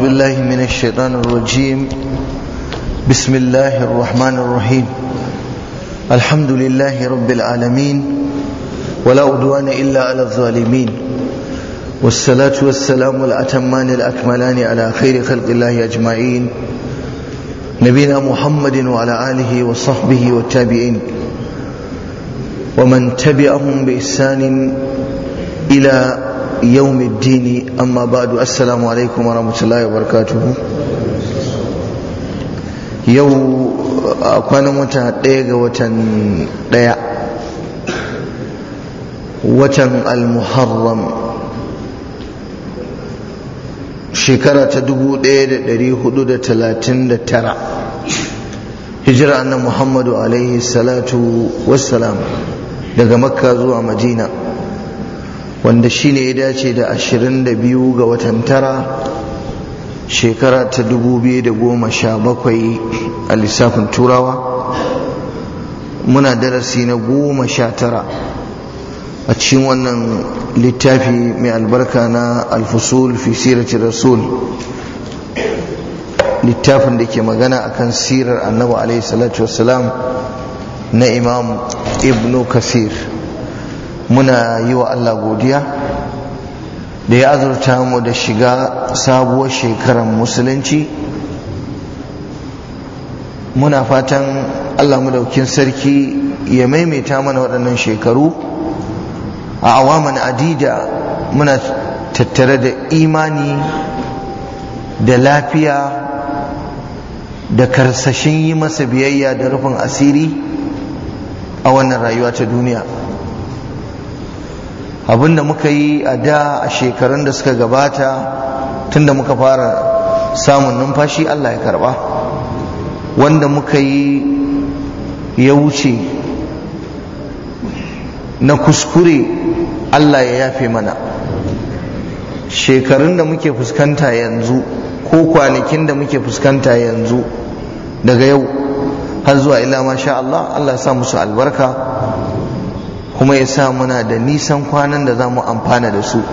بالله من الشيطان الرجيم بسم الله الرحمن الرحيم الحمد لله رب العالمين ولا عدوان إلا على الظالمين والصلاة والسلام الأتمان الأكملان على خير خلق الله أجمعين نبينا محمد وعلى آله وصحبه والتابعين ومن تبعهم بإحسان إلى yau dini amma ba'du assalamu alaikum wa rahmatullahi wa barakatuhu yau a kwanan wata ɗaya ga watan ɗaya watan al-muharram shekara ta ɗaya da 1439 hijira annan muhammadu alaihi salatu wassalam daga makka zuwa madina wanda shi ne ya dace da 22 ga watan tara shekara ta 2017 a lissafin turawa muna darasi na goma sha tara a cikin wannan littafi mai albarka na alfusul fi sirati rasul littafin da ke magana akan sirar annabi alaihi salatu wassalam na imam ibnu kasir muna yi wa Allah godiya da ya azurta mu da shiga sabuwar shekarar musulunci muna fatan Allah madaukin sarki ya maimaita mana waɗannan shekaru a awaman adida muna tattare da imani da lafiya da karsashin yi masa biyayya da rufin asiri a wannan rayuwa ta duniya abinda muka yi a da a shekarun da suka gabata tunda muka fara samun numfashi Allah ya karba wanda muka yi ya wuce na kuskure Allah ya yafe mana shekarun da muke fuskanta yanzu ko kwanakin da muke fuskanta yanzu daga yau har zuwa ila masha Allah Allah ya sa musu albarka kuma ya sa muna da nisan kwanan da za mu amfana da su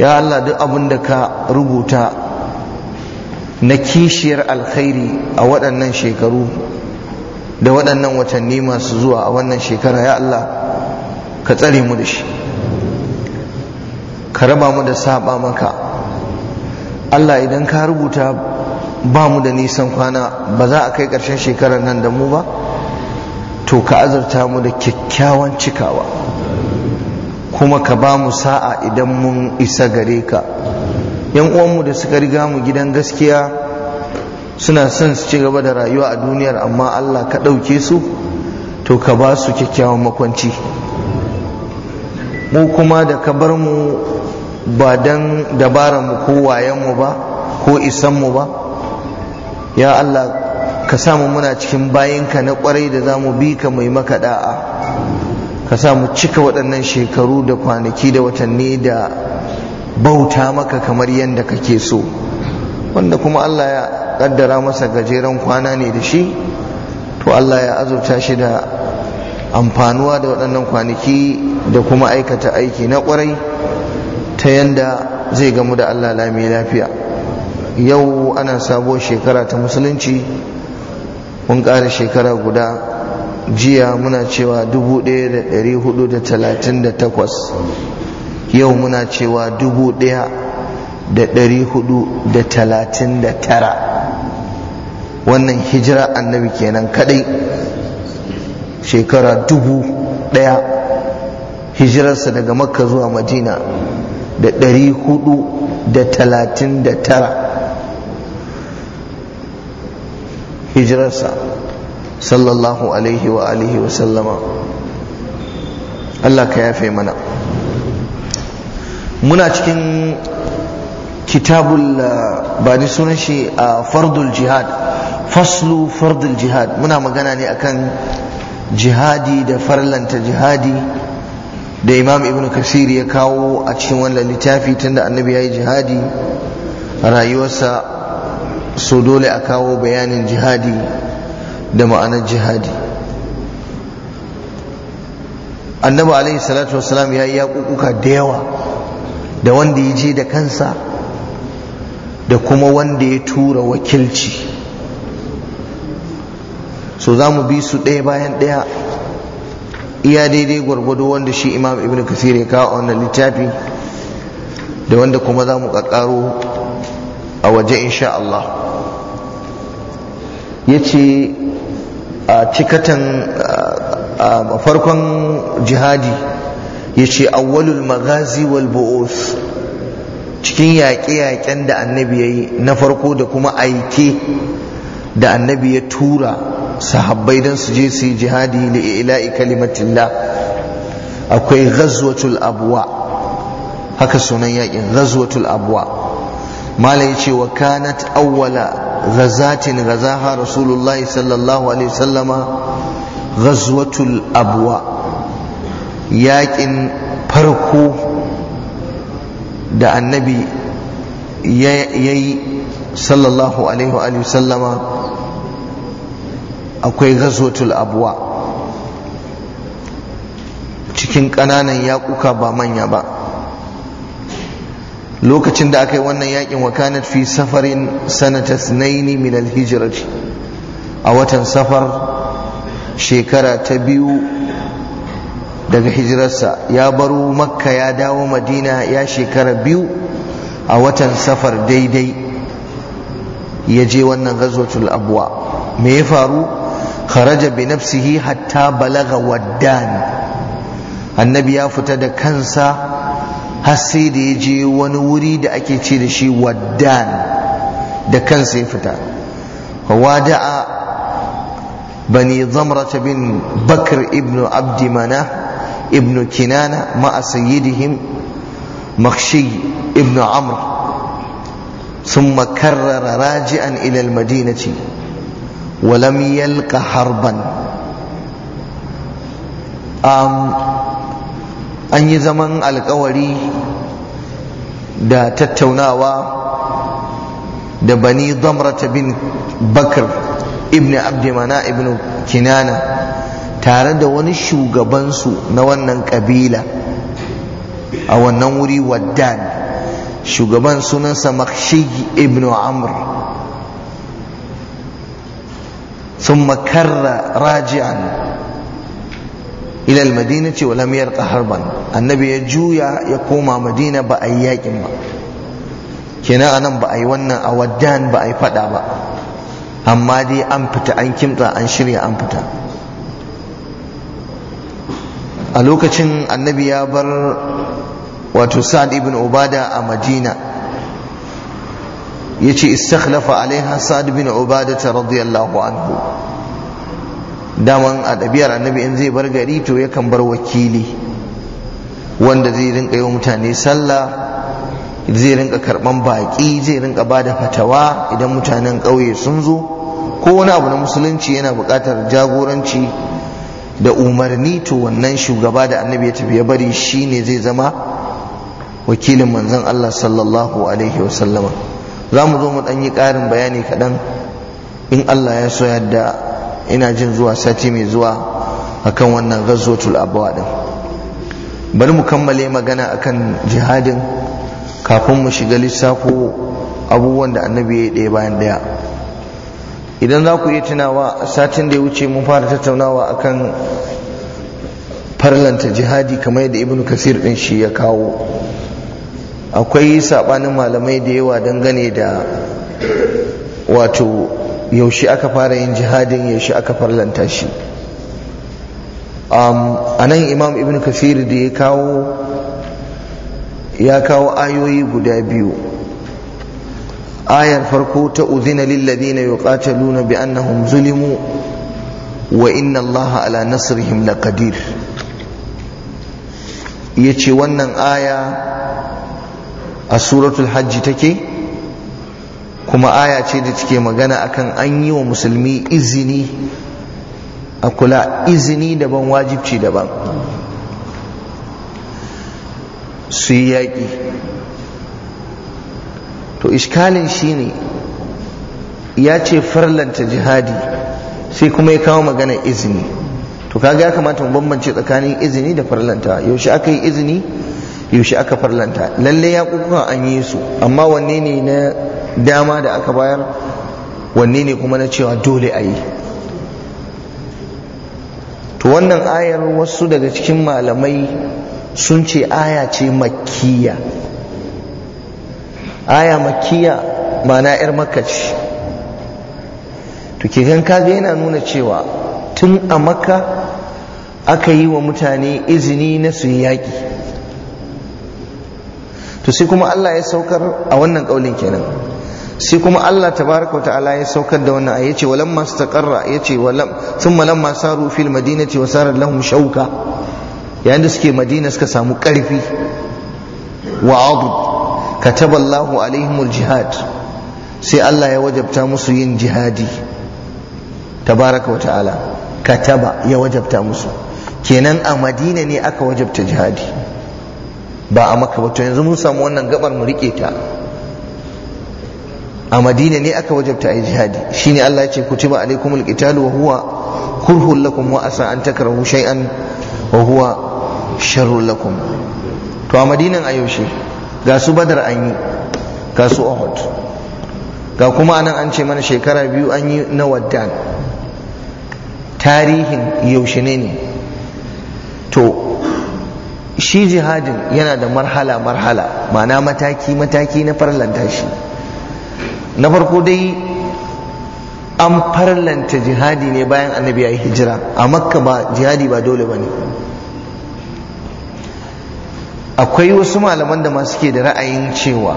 ya Allah duk abin da ka rubuta na kishiyar alkhairi a waɗannan shekaru da waɗannan watanni masu zuwa a wannan shekara ya Allah ka tsare mu da shi ka raba mu da saba maka Allah idan ka rubuta ba mu da nisan kwana ba za a kai ƙarshen shekarar nan da mu ba to ka azurta mu da kyakkyawan cikawa kuma ka ba mu sa'a idan mun isa gare ka yan uwanmu da suka riga mu gidan gaskiya suna son su ci gaba da rayuwa a duniyar amma Allah ka ɗauke su to ka ba su kyakkyawan makwanci mu kuma da ka bar mu ba don dabaranmu ko wayanmu ba ko isanmu ba ya Allah ka samu muna cikin bayinka na kwarai da za mu bi ka mai maka da'a ka samu cika waɗannan shekaru da kwanaki da watanni da bauta maka kamar yadda kake so wanda kuma Allah ya ƙaddara masa gajeren kwana ne da shi to Allah ya azurta shi da amfanuwa da waɗannan kwanaki da kuma aikata aiki na kwarai ta yadda zai gamu da Allah lami lafiya yau ana sabuwar shekara ta musulunci mun ƙara shekara guda jiya muna cewa 1438 yau muna cewa 1439 wannan hijira annabi kenan kadai shekara dubu daya hijirarsa daga makka zuwa madina da ɗari hudu da talatin da tara hijirarsa sallallahu alaihi wa alihi wa sallama Allah ka yafe mana muna cikin kitabul ah, ba ni sunan shi a ah, fardul jihad faslu fardul jihad muna magana ne akan jihadi da farlanta jihadi da imam ibn kasir ya kawo a cikin wannan littafi tunda annabi ya yi jihadi rayuwarsa so dole a kawo bayanin jihadi da ma'anar jihadi annabi alaihi salatu wasalam ya yi yaƙuƙuka da yawa da wanda ya je da kansa da kuma wanda ya tura wakilci so za mu bi su ɗaya bayan ɗaya iya daidai gwargwado wanda shi imam ibn kasir ya kawo wannan littafi da wanda kuma za mu ƙaƙaro a waje insha Allah ya ce a cikatan a farkon jihadi ya ce awwalul magazi wal bu'us cikin yaƙe-yaƙen da annabi ya yi na farko da kuma aike da annabi ya tura sahabbai don su je su yi jihadi da kalimatillah akwai ghazwatul abwa haka sunan yaƙin ghazwatul abwa mala yace wa kanat awwala ghazatin ghazaha rasulullah sallallahu alaihi wasallama ghazwatul abwa yakin farko da annabi ya yi sallallahu alaihi wa sallama akwai ghazwatul abwa cikin ƙananan yaƙuka ba manya ba lokacin da aka yi wannan yakin wakanat fi safarin sanatas snaini min alhijrati a watan safar shekara ta biyu daga hijirarsa ya baro makka ya dawo madina ya shekara biyu a watan safar daidai ya je wannan gazotul abuwa me ya faru kharaja bi nafsihi hatta balaga waddan annabi ya fita da kansa har sai da ya je wani wuri da ake ce da shi waddan da kansa ya fita wada'a bani zamrata bin bakr ibn abdi mana ibn kinana ma'a sayyidihim makhshi ibn amr ثم كرر راجعا إلى المدينة ولم يلق حربا um, an yi zaman alkawari da tattaunawa da bani damrata bin bakar ibn abdimana ibn kinana tare da wani shugabansu na wannan kabila a wannan wuri waddan shugaban sunansa makshigi ibn amr sun makarra raji'an ila almadinati wa lam yarqa harban annabi ya juya ya koma madina ba a yi yakin ba kenan anan ba a yi wannan a waddan ba a yi faɗa ba amma dai an fita an kimtsa an shirya an fita a lokacin annabi ya bar wato sa'ad ibn obada a madina ya yace istakhlafa alaiha sa'ad ibn ubada radiyallahu anhu daman a ɗabi'ar annabi in zai bar gari to yakan bar wakili wanda zai rinka yi wa mutane sallah zai rinka karɓan baƙi zai rinka ba da fatawa idan mutanen ƙauye sun zo ko wani abu na musulunci yana buƙatar jagoranci da umarni to wannan shugaba da annabi ya tafi ya bari ne zai zama wakilin manzon Allah sallallahu alaihi wasallama za mu zo mu ɗan yi ƙarin bayani kaɗan in Allah ya so yadda ina jin zuwa sati mai zuwa akan wannan ghazwatul abuwa din bari mu kammale magana akan jihadin kafin mu shiga lissafo abubuwan da annabi ya ɗaya bayan ɗaya idan za ku iya tunawa satin da ya wuce mun fara tattaunawa akan farlanta jihadi kamar yadda ibnu kasir din shi ya kawo akwai saɓanin malamai da yawa dangane da wato yaushe aka fara yin jihadin yaushe aka farlanta shi um, a nan imam ibn kasir da ya kawo ya kawo ayoyi guda biyu ayar farko ta uzina lillazina yuqataluna bi annahum zulimu wa inna allaha ala nasrihim laqadir yace wannan aya a suratul hajji take kuma aya ce da take magana akan an yi wa musulmi izini a kula izini daban wajibci daban su yi yaƙi to iskalin ne ya ce farlanta jihadi sai kuma ya kawo magana izini to kaga ya kamata mu bambance tsakanin izini da farlanta yaushe aka yi izini yaushe aka farlanta lalle ya kuka an yi su amma wanne ne na dama da aka bayar wanne ne kuma na cewa dole a yi to wannan ayar wasu daga cikin malamai sun ce aya ce makkiya aya makkiya mana 'yar makka ce to ke ka kaga yana nuna cewa tun a makka aka yi wa mutane izini na su yi yaƙi to sai kuma allah ya saukar a wannan ƙaunin kenan sai kuma Allah tabaraka wa ta'ala ya saukar da wannan ayace walamma istaqarra yace walam thumma lamma saru fil madinati wa sarat lahum shauka yayin da suke madina suka samu karfi wa adu kataba Allahu alaihimul jihad sai Allah ya wajabta musu yin jihadi tabaraka wa ta'ala kataba ya wajabta musu kenan a madina ne aka wajabta jihadi ba a maka ba to yanzu mun samu wannan gabar mu rike ta a madina ne aka wajabta a yi jihadi shine Allah ya ce kutiba alaikumul qital wa huwa kurhun lakum wa asa an takrahu shay'an wa huwa sharrun lakum to a madinan a yaushe ga su badar an yi ga su uhud ga kuma anan an ce mana shekara biyu an yi na waddan tarihin yaushe ne ne to shi jihadin yana da marhala marhala ma'ana mataki mataki na farlanta shi na farko dai an farlanta jihadi ne bayan annabi ya yi hijira a makka ba jihadi ba dole ba ne akwai wasu malaman da masu ke da ra'ayin cewa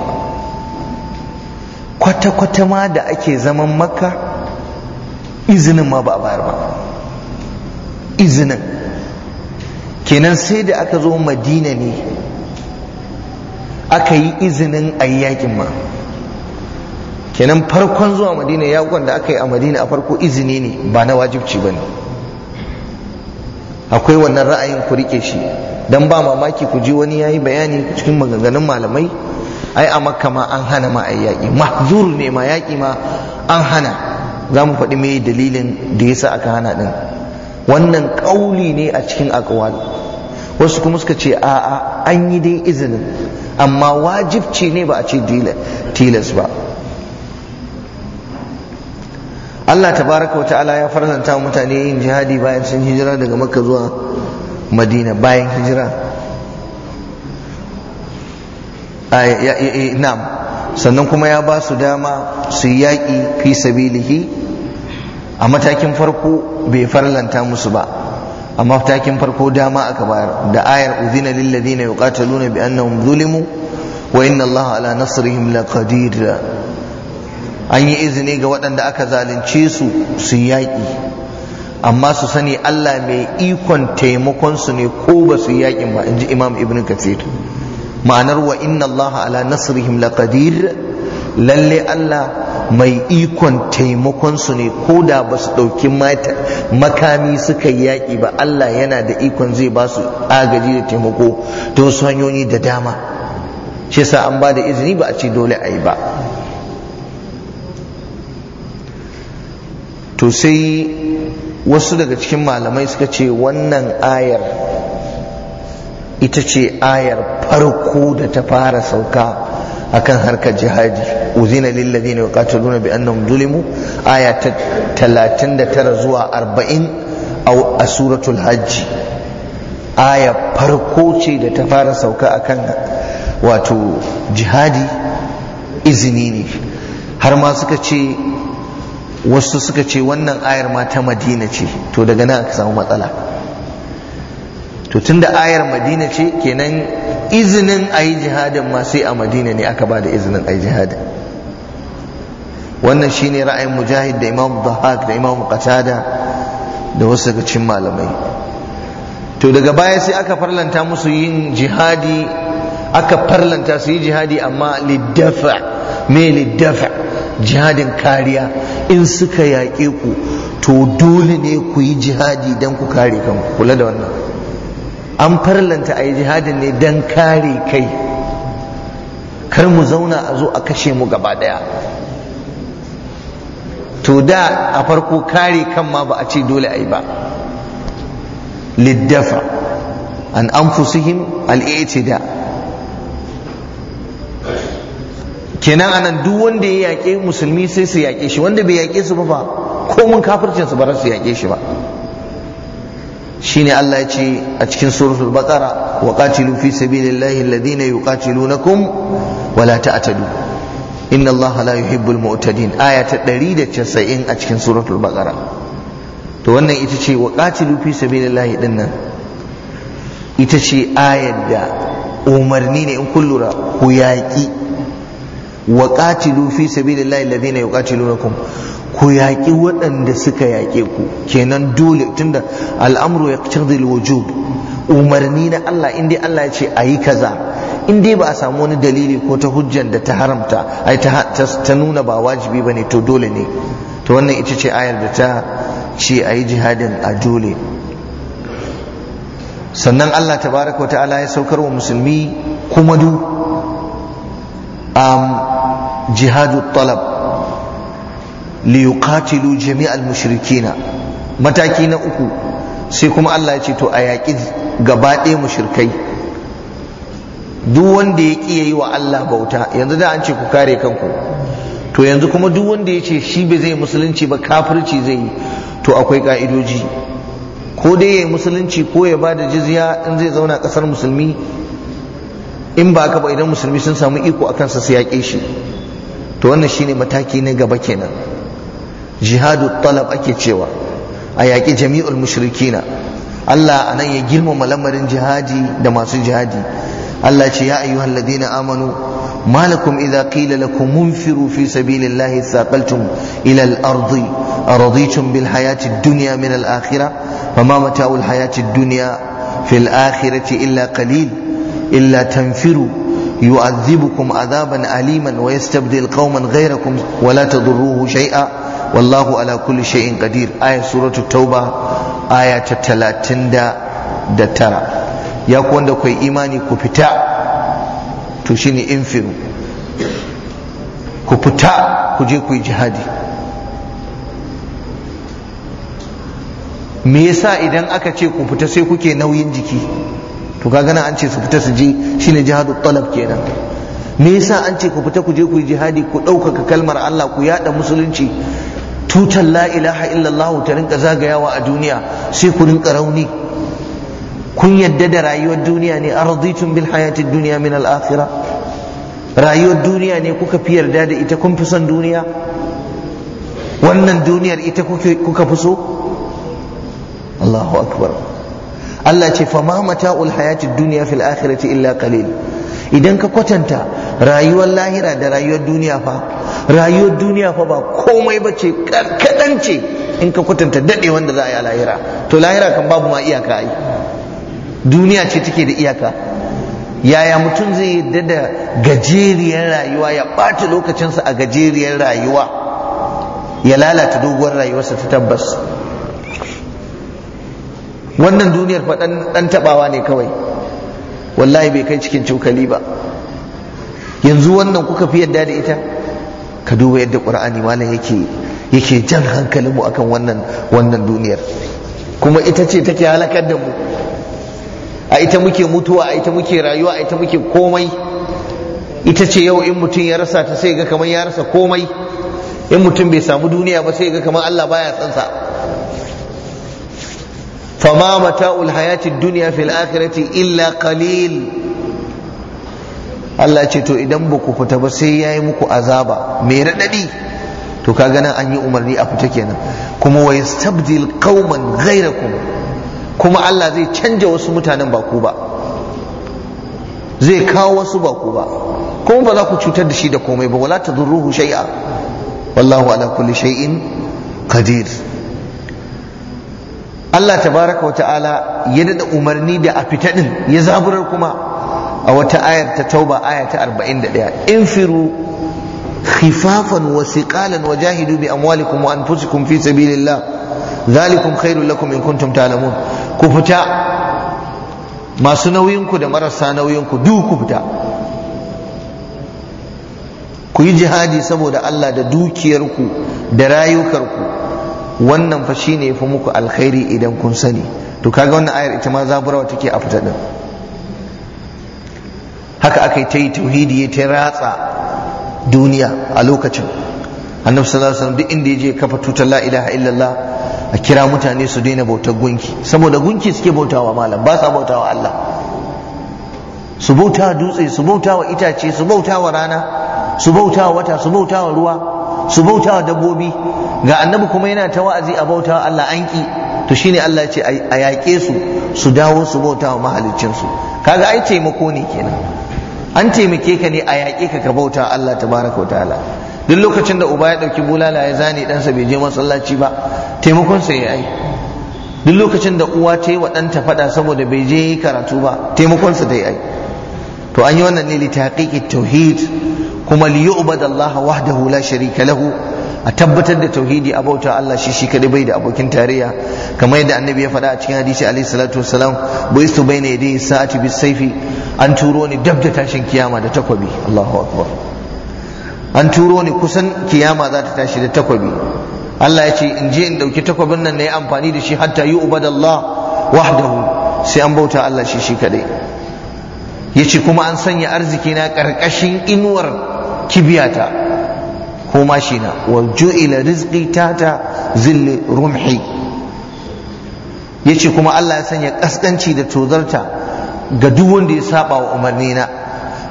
kwata-kwata ma da ake zaman makka izinin ma ba a bayar ba izinin kenan sai da aka zo madina ne aka yi izinin a yaƙin ma kenan farkon zuwa madina ya da aka yi a madina a farko izini ne ba na wajibci ba ne akwai wannan ra'ayin ku rike shi don ba mamaki ku ji wani ya yi bayani cikin maganganun malamai ai a makka ma an hana ma ai yaƙi ne ma yaƙi ma an hana za mu faɗi me dalilin da ya sa aka hana ɗin wannan ƙauli ne a cikin aƙwal wasu kuma suka ce a'a an yi dai izinin amma wajibci ne ba a ce tilas ba Allah tabaraka wa ta'ala ya faranta mutane yin jihadi bayan sun hijira daga makka zuwa madina bayan hijira na'am sannan kuma ya ba su dama su yaƙi fi sabilihi a matakin farko bai farlanta musu ba a matakin farko dama aka bayar da ayar uzina lillazina ladina yuqataluna bi annahum zulimu wa inna allaha ala nasrihim laqadir an yi izini ga waɗanda aka zalunce su su yaƙi amma su sani Allah mai ikon taimakonsu ne ko ba su yaƙin ba in ji Imam Ibn Kathir ma'anar wa inna Allah ala nasrihim laqadir lalle Allah mai ikon taimakonsu ne ko da ba su ɗauki makami suka yaƙi ba Allah yana da ikon zai ba su agaji da taimako ta wasu hanyoyi da dama shi sa an ba da izini ba a ce dole a yi ba to sai wasu daga cikin malamai suka ce wannan ayar ita ce ayar farko da ta fara sauka akan harkar jihadi uzina wakatar nuna bi annan zulimu aya ta 39 zuwa arba'in a suratul hajji aya farko ce da ta fara sauka akan wato jihadi izini ne har ma suka ce wasu suka ce wannan ayar ma ta madina ce to daga nan aka samu matsala to tunda ayar madina ce kenan izinin a yi jihadin ma sai a madina ne aka ba da izinin a yi jihadin wannan shine ra'ayin mujahid da imam dahak da imam qatada da wasu daga cikin malamai to daga baya sai aka farlanta musu yin jihadi aka farlanta su yi jihadi amma liddafa me liddafa jihadin kariya in suka yaƙe ku to dole ne ku yi jihadi don ku kare kan kula da wannan an farlanta a yi jihadin ne don kare kai kar mu zauna a zo a kashe mu gaba daya to da a farko kare kan ma ba a ce dole a yi ba liddafa an anfusihim al da. kenan anan duk wanda ya yaƙe musulmi sai su yaƙe shi wanda bai yaƙe su ba fa ko mun kafircin su su yaƙe shi ba shine Allah ya ce a cikin suratul baqara wa qatilu fi sabilillahi alladhina yuqatilunakum wa la ta'tadu inna Allah la yuhibbul mu'tadin aya ta 190 a cikin suratul baqara to wannan ita ce wa qatilu fi sabilillahi dinnan ita ce ayar da umarni ne in kullura ku yaƙi wa qatilu fi sabilillahi alladhina yuqatilunakum ku yaƙi waɗanda suka yaƙe ku kenan dole tunda al'amru yaqtadi alwujub umarni na Allah inda Allah ya ce ayi kaza indai ba a samu wani dalili ko ta hujjan da ta haramta ai ta, nuna ba wajibi bane to dole ne to wannan ita ce ayar da ta ce ayi jihadin a dole sannan Allah tabaraka wa ta'ala ya saukar wa musulmi kuma du jihadu talab liyuqatilu jami'al mushrikina mataki na uku sai kuma Allah ya ce to a yaƙi gaba ɗaya mushrikai duk wanda ya ki yayi wa Allah bauta yanzu da an ce ku kare kanku to yanzu kuma duk wanda ya ce shi bai zai musulunci ba kafirci zai yi to akwai ka'idoji ko dai ya yi musulunci ko ya bada jiziya jizya in zai zauna ƙasar musulmi in ba ka ba idan musulmi sun samu iko a kansa su yaƙe shi to wannan shine mataki na gaba kenan jihadu talab ake cewa a yaƙi jami'ul mushrikina Allah a nan ya girmama lamarin jihadi da masu jihadi Allah ce ya ayyuhal ladina amanu malakum idza qila lakum munfiru fi sabilillahi thaqaltum ila al-ardi araditum bil hayati dunya min al-akhirah fama mata'ul hayati dunya fil akhirati illa qalil illa tanfiru yu'adhibukum azaban aliman wa yastabdil qauman gaira wa la tadurruhu shay'a wallahu ala kulli shay'in qadir aya suratu tauba aya ta 39 ya ku wanda kai imani ku fita to shine infiru ku fita ku je ku yi jihadi me yasa idan aka ce ku fita sai kuke nauyin jiki to kaga na an ce su fita su ji shine jihadu talab kenan me yasa an ce ku fita ku je ku yi jihadi ku ɗaukaka kalmar Allah ku yada musulunci tutar la ilaha illallah ta rinka zagayawa a duniya sai ku rinka rauni kun yadda da rayuwar duniya ne arzitun bil hayatid duniya min al akhirah rayuwar duniya ne kuka fi yarda da ita kun fi son duniya wannan duniyar ita kuka fi so Allahu akbar Allah ce fa ma mata'ul hayatid dunya fil akhirati illa qalil idan ka kwatanta rayuwar lahira da rayuwar duniya fa rayuwar duniya fa ba komai ba ce kaɗan ce in ka kwatanta daɗe wanda za a yi lahira to lahira kan babu ma iyaka ai duniya ce take da iyaka yaya mutum zai yarda da gajeriyar rayuwa ya ɓata lokacinsa a gajeriyar rayuwa ya lalata doguwar rayuwarsa ta tabbas wannan duniyar fa dan tabawa ne kawai wallahi bai kai cikin cokali ba yanzu wannan kuka fi yadda da ita ka duba yadda qur'ani malam yake yake jan hankalinmu akan wannan wannan duniyar kuma ita ce take halakar da mu a ita muke mutuwa a ita muke rayuwa a ita muke komai ita ce yau in mutum ya rasa ta sai ga kamar ya rasa komai in mutum bai samu duniya ba sai ga kamar Allah baya tsansa fama mata'ul hayatid dunya fil akhirati illa kalil. Allah ce to idan ba ku fita ba sai ya yi muku azaba mai radadi to ka nan an yi umarni a fita kenan kuma wai yastabdil kauman gaira kuma Allah zai canja wasu mutanen ba ku ba zai kawo wasu ba ku ba kuma ba za ku cutar da shi da komai ba wala tadurruhu shai'a. wallahu ala kulli shay'in qadir Allah tabaraka ta'ala ya dada umarni da a fita din ya zaburar kuma a wata ayar ta tauba aya ta 41 infiru khifafan wa siqalan wa jahidu bi amwalikum wa anfusikum fi sabilillah zalikum khairul lakum in kuntum ta'lamun ku fita masu nauyin ku da marasa nauyin ku duk ku fita ku yi jihadi saboda Allah da dukiyarku da rayukarku wannan fa shine fi muku alkhairi idan kun sani to kaga wannan ayar ita ma zaburawa take a fita din haka aka yi ta yi tauhidi ya ta ratsa duniya a lokacin annabi sallallahu alaihi wasallam duk inda ya je kafa tutar la ilaha illallah a kira mutane su daina bautar gunki saboda gunki suke bautawa malam ba sa bautawa Allah su bautawa dutse su bautawa itace su bautawa rana su bautawa wata su bautawa ruwa su bauta wa dabbobi ga annabi kuma yana ta wa'azi a bauta wa Allah an ki to shine Allah ya ce a yaƙe su su dawo su bauta wa mahaliccin su kaga ai taimako ne kenan an taimake ka ne a yaƙe ka ka bauta Allah tabaraka wa ta'ala duk lokacin da uba ya ɗauki bulala ya zane ɗansa bai je masallaci ba taimakon sa ya duk lokacin da uwa ta yi wa ɗanta faɗa saboda bai je yi karatu ba taimakon sa ta yi to an yi wannan ne litaqiqi tauhid kuma li yu'badallaha wahdahu la sharika lahu a tabbatar da tauhidi a bauta Allah shi shi kadai bai da abokin tarayya kamar yadda annabi ya faɗa a cikin hadisi alaihi salatu wassalam buistu baina yadayhi sa'ati bis saifi an turo ni dab da tashin kiyama da takwabi Allahu akbar an turo ni kusan kiyama za ta tashi da takwabi Allah ya ce in je in dauki takwabin nan na yi amfani da shi hatta yi ubadallah wahdahu sai an bauta Allah shi shi kadai yace kuma an sanya arziki na karkashin inuwar kibiyata ko mashina wa ju'ila rizqi tata zilli rumhi yace kuma Allah ya sanya kaskanci da tozarta ga duk wanda ya saba wa umarnina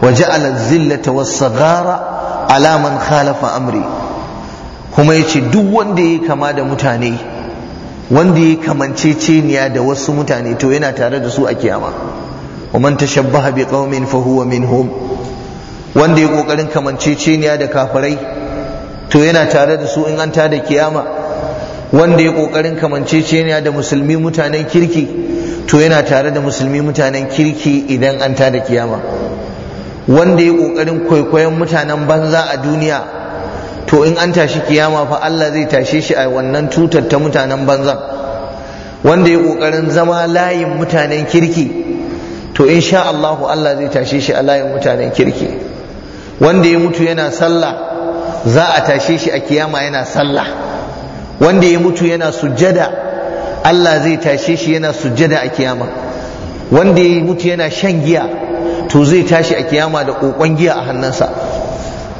wa ja'ala zillata was-saghara ala man khalafa amri kuma yace duk wanda ya kama da mutane wanda ya kamanceceniya da wasu mutane to yana tare da su a kiyama wa man tashabbaha bi qaumin fa huwa minhum wanda ya kokarin kamanceceniya da kafirai to yana tare da su in an tada kiyama wanda ya kokarin kamanceceniya da musulmi mutanen kirki to yana tare da musulmi mutanen kirki idan an tada kiyama wanda ya kokarin kwaikwayon mutanen banza a duniya to in an tashi kiyama fa Allah zai tashe shi a wannan tutar ta mutanen banza wanda ya kokarin zama layin mutanen kirki to in sha Allahu Allah zai tashe shi a layin mutanen kirki wanda ya mutu yana sallah za a tashe shi a kiyama yana sallah wanda ya mutu yana sujjada Allah zai tashe shi yana sujjada a kiyama wanda ya mutu yana shan giya to zai tashi a kiyama da kokon giya a hannunsa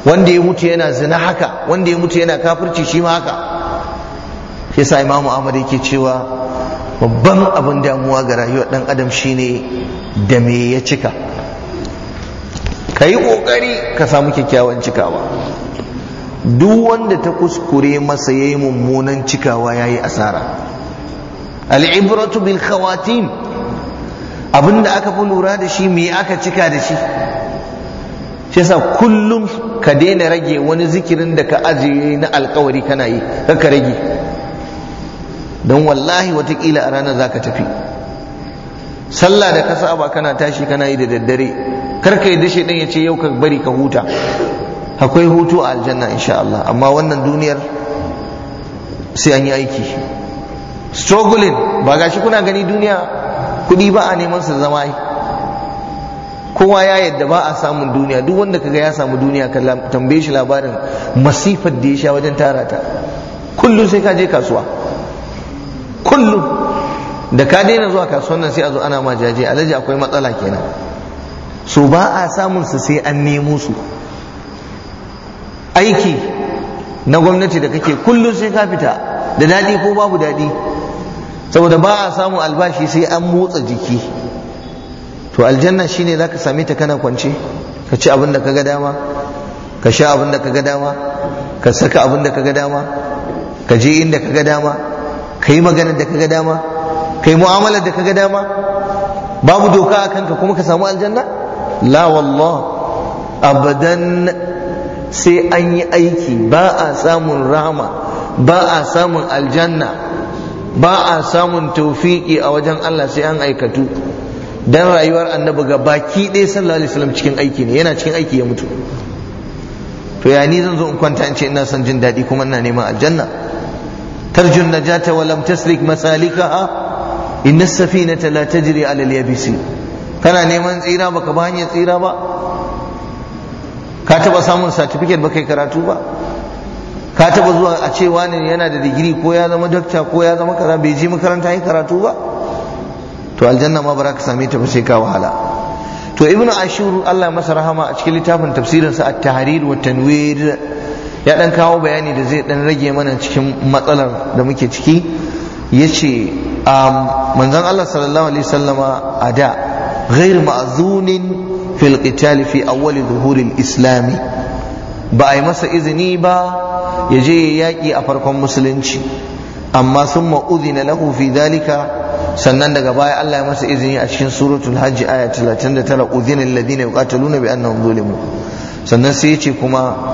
wanda ya mutu yana zina haka wanda ya mutu yana kafirci shi ma haka yasa imamu Ahmad yake cewa babban abin damuwa ga rayuwar ɗan adam shine da me ya cika ka yi ƙoƙari ka samu kyakkyawan cikawa duk wanda ta kuskure masa ya yi mummunan cikawa ya yi asara al'ibratu bil khawatim abin da aka fi lura da shi me aka cika da shi shi yasa kullum ka daina rage wani zikirin da ka ajiye na alkawari kana yi ka rage don wallahi watakila a ranar za ka tafi sallah da ka saba kana tashi kana yi da daddare kar ka yi dashe ɗan ya ce yau ka bari ka huta akwai hutu a aljanna insha Allah amma wannan duniyar sai an yi aiki struggling ba gashi kuna gani duniya kuɗi ba a neman su zama kowa ya yadda ba a samun duniya duk wanda kaga ya samu duniya ka tambaye shi labarin masifar da ya sha wajen tara ta kullum sai ka je kasuwa kullum da ka daina zuwa kasuwan nan sai a zo ana ma jaje alaji akwai matsala kenan su ba a samun su sai an nemo su aiki na gwamnati da kake kullum sai ka fita da daɗi ko babu daɗi saboda ba a samun albashi sai an motsa jiki to aljanna shine za ka same ta kana kwance ka ci abin da ka ga dama ka sha abin da ka ga dama ka saka abin da ka ga dama ka je inda ka ga dama ka yi maganar da kaga dama ka yi mu'amalar da kaga dama babu doka a kanka kuma ka samu aljanna la wallah abadan sai an yi aiki ba a samun rahama ba a samun aljanna ba a samun taufiki a wajen Allah sai an aikatu dan rayuwar annabi ga baki ɗaya sallallahu alaihi wasallam cikin aiki ne yana cikin aiki ya mutu to ya ni zan zo in kwanta in ce ina son jin daɗi kuma ina neman aljanna ترجو النجاة ولم تسلك مسالكها إن السفينة لا تجري على اليابس kana neman tsira baka ba hanyar tsira ba ka taba samun certificate baka yi karatu ba ka taba zuwa a cewa wani yana da digiri ko ya zama dakta ko ya zama kaza bai je makaranta yi karatu ba to aljanna ma ba ka same ta ba sai ka wahala to ibnu ashur Allah masa rahama a cikin littafin tafsirinsa at-tahrir wa tanwir ya dan kawo bayani da zai dan rage mana cikin matsalar da muke ciki ya ce manzan Allah sallallahu alaihi sallama a da ghair ma'azunin fil qital fi awwal zuhuril islami ba a yi masa izini ba ya je yaki a farkon musulunci amma sun ma'udina lahu fi dalika sannan daga baya Allah ya masa izini a cikin suratul hajji aya 39 udhina alladhina yuqataluna bi annahum zulimu sannan sai ya ce kuma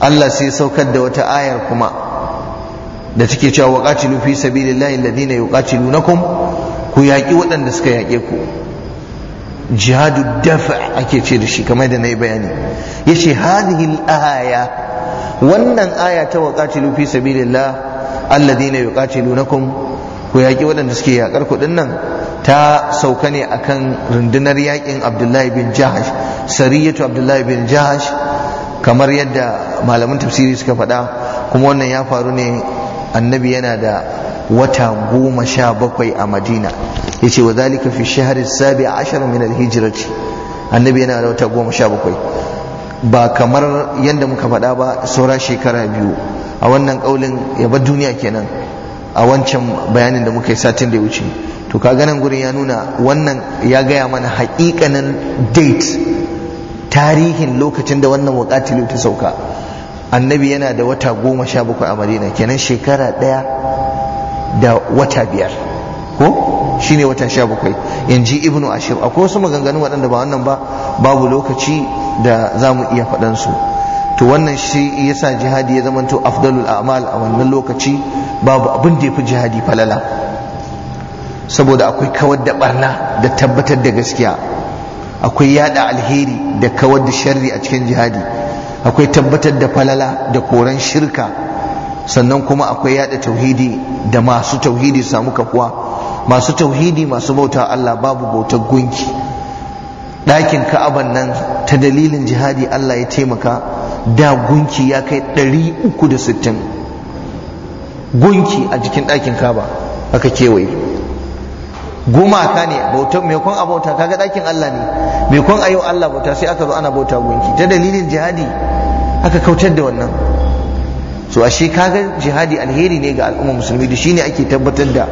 Allah sai saukar da wata ayar kuma da take cewa qatilu fi sabilillahi alladhina yuqatilunakum ku yaƙi waɗanda suka yaƙe ku jihadu dafa ake ce da shi kamar da na yi bayani ya ce hadhihi aya wannan aya ta qatilu fi sabilillahi alladhina yuqatilunakum ku yaƙi waɗanda suke yaƙar ku nan ta sauka ne akan rundunar yakin Abdullahi bin Jahash sariyatu Abdullahi bin Jahash kamar yadda malamin tafsiri suka faɗa kuma wannan ya faru ne annabi yana da wata goma sha bakwai a madina ya ce wa zalika fi shahar sabi ashar min alhijirati annabi yana da wata goma sha bakwai ba kamar yadda muka faɗa ba saura shekara biyu a wannan ƙaulin ya bar duniya kenan a wancan bayanin da muka yi satin da ya wuce to ka ganin gurin ya nuna wannan ya gaya mana haƙiƙanin date tarihin lokacin da wannan wakatilu ta sauka annabi yana da wata goma sha bakwai a madina kenan shekara ɗaya da wata biyar ko shine wata sha bakwai in ji ibnu ashir akwai wasu maganganu waɗanda ba wannan ba babu lokaci da za mu iya faɗansu to wannan shi yasa jihadi ya zamanto afdalul a'mal a wannan lokaci babu abin da ya fi jihadi falala saboda akwai kawar da barna da tabbatar da gaskiya akwai yada alheri da kawar da sharri a cikin jihadi akwai tabbatar da falala da koran shirka sannan kuma akwai yada tauhidi da masu tauhidi samu kafuwa masu tauhidi masu bauta Allah babu bautar gunki ɗakin ka'aban nan ta dalilin jihadi Allah ya taimaka da gunki ya kai 360 gunki a jikin ɗakin kaba aka kewaye gumaka ne bautar mai kun abauta kaga dakin Allah ne mai kun ayo Allah bauta sai aka zo ana bauta gunki ta dalilin jihadi aka kautar da wannan so ashe kaga jihadi alheri ne ga al'umma musulmi da shine ake tabbatar da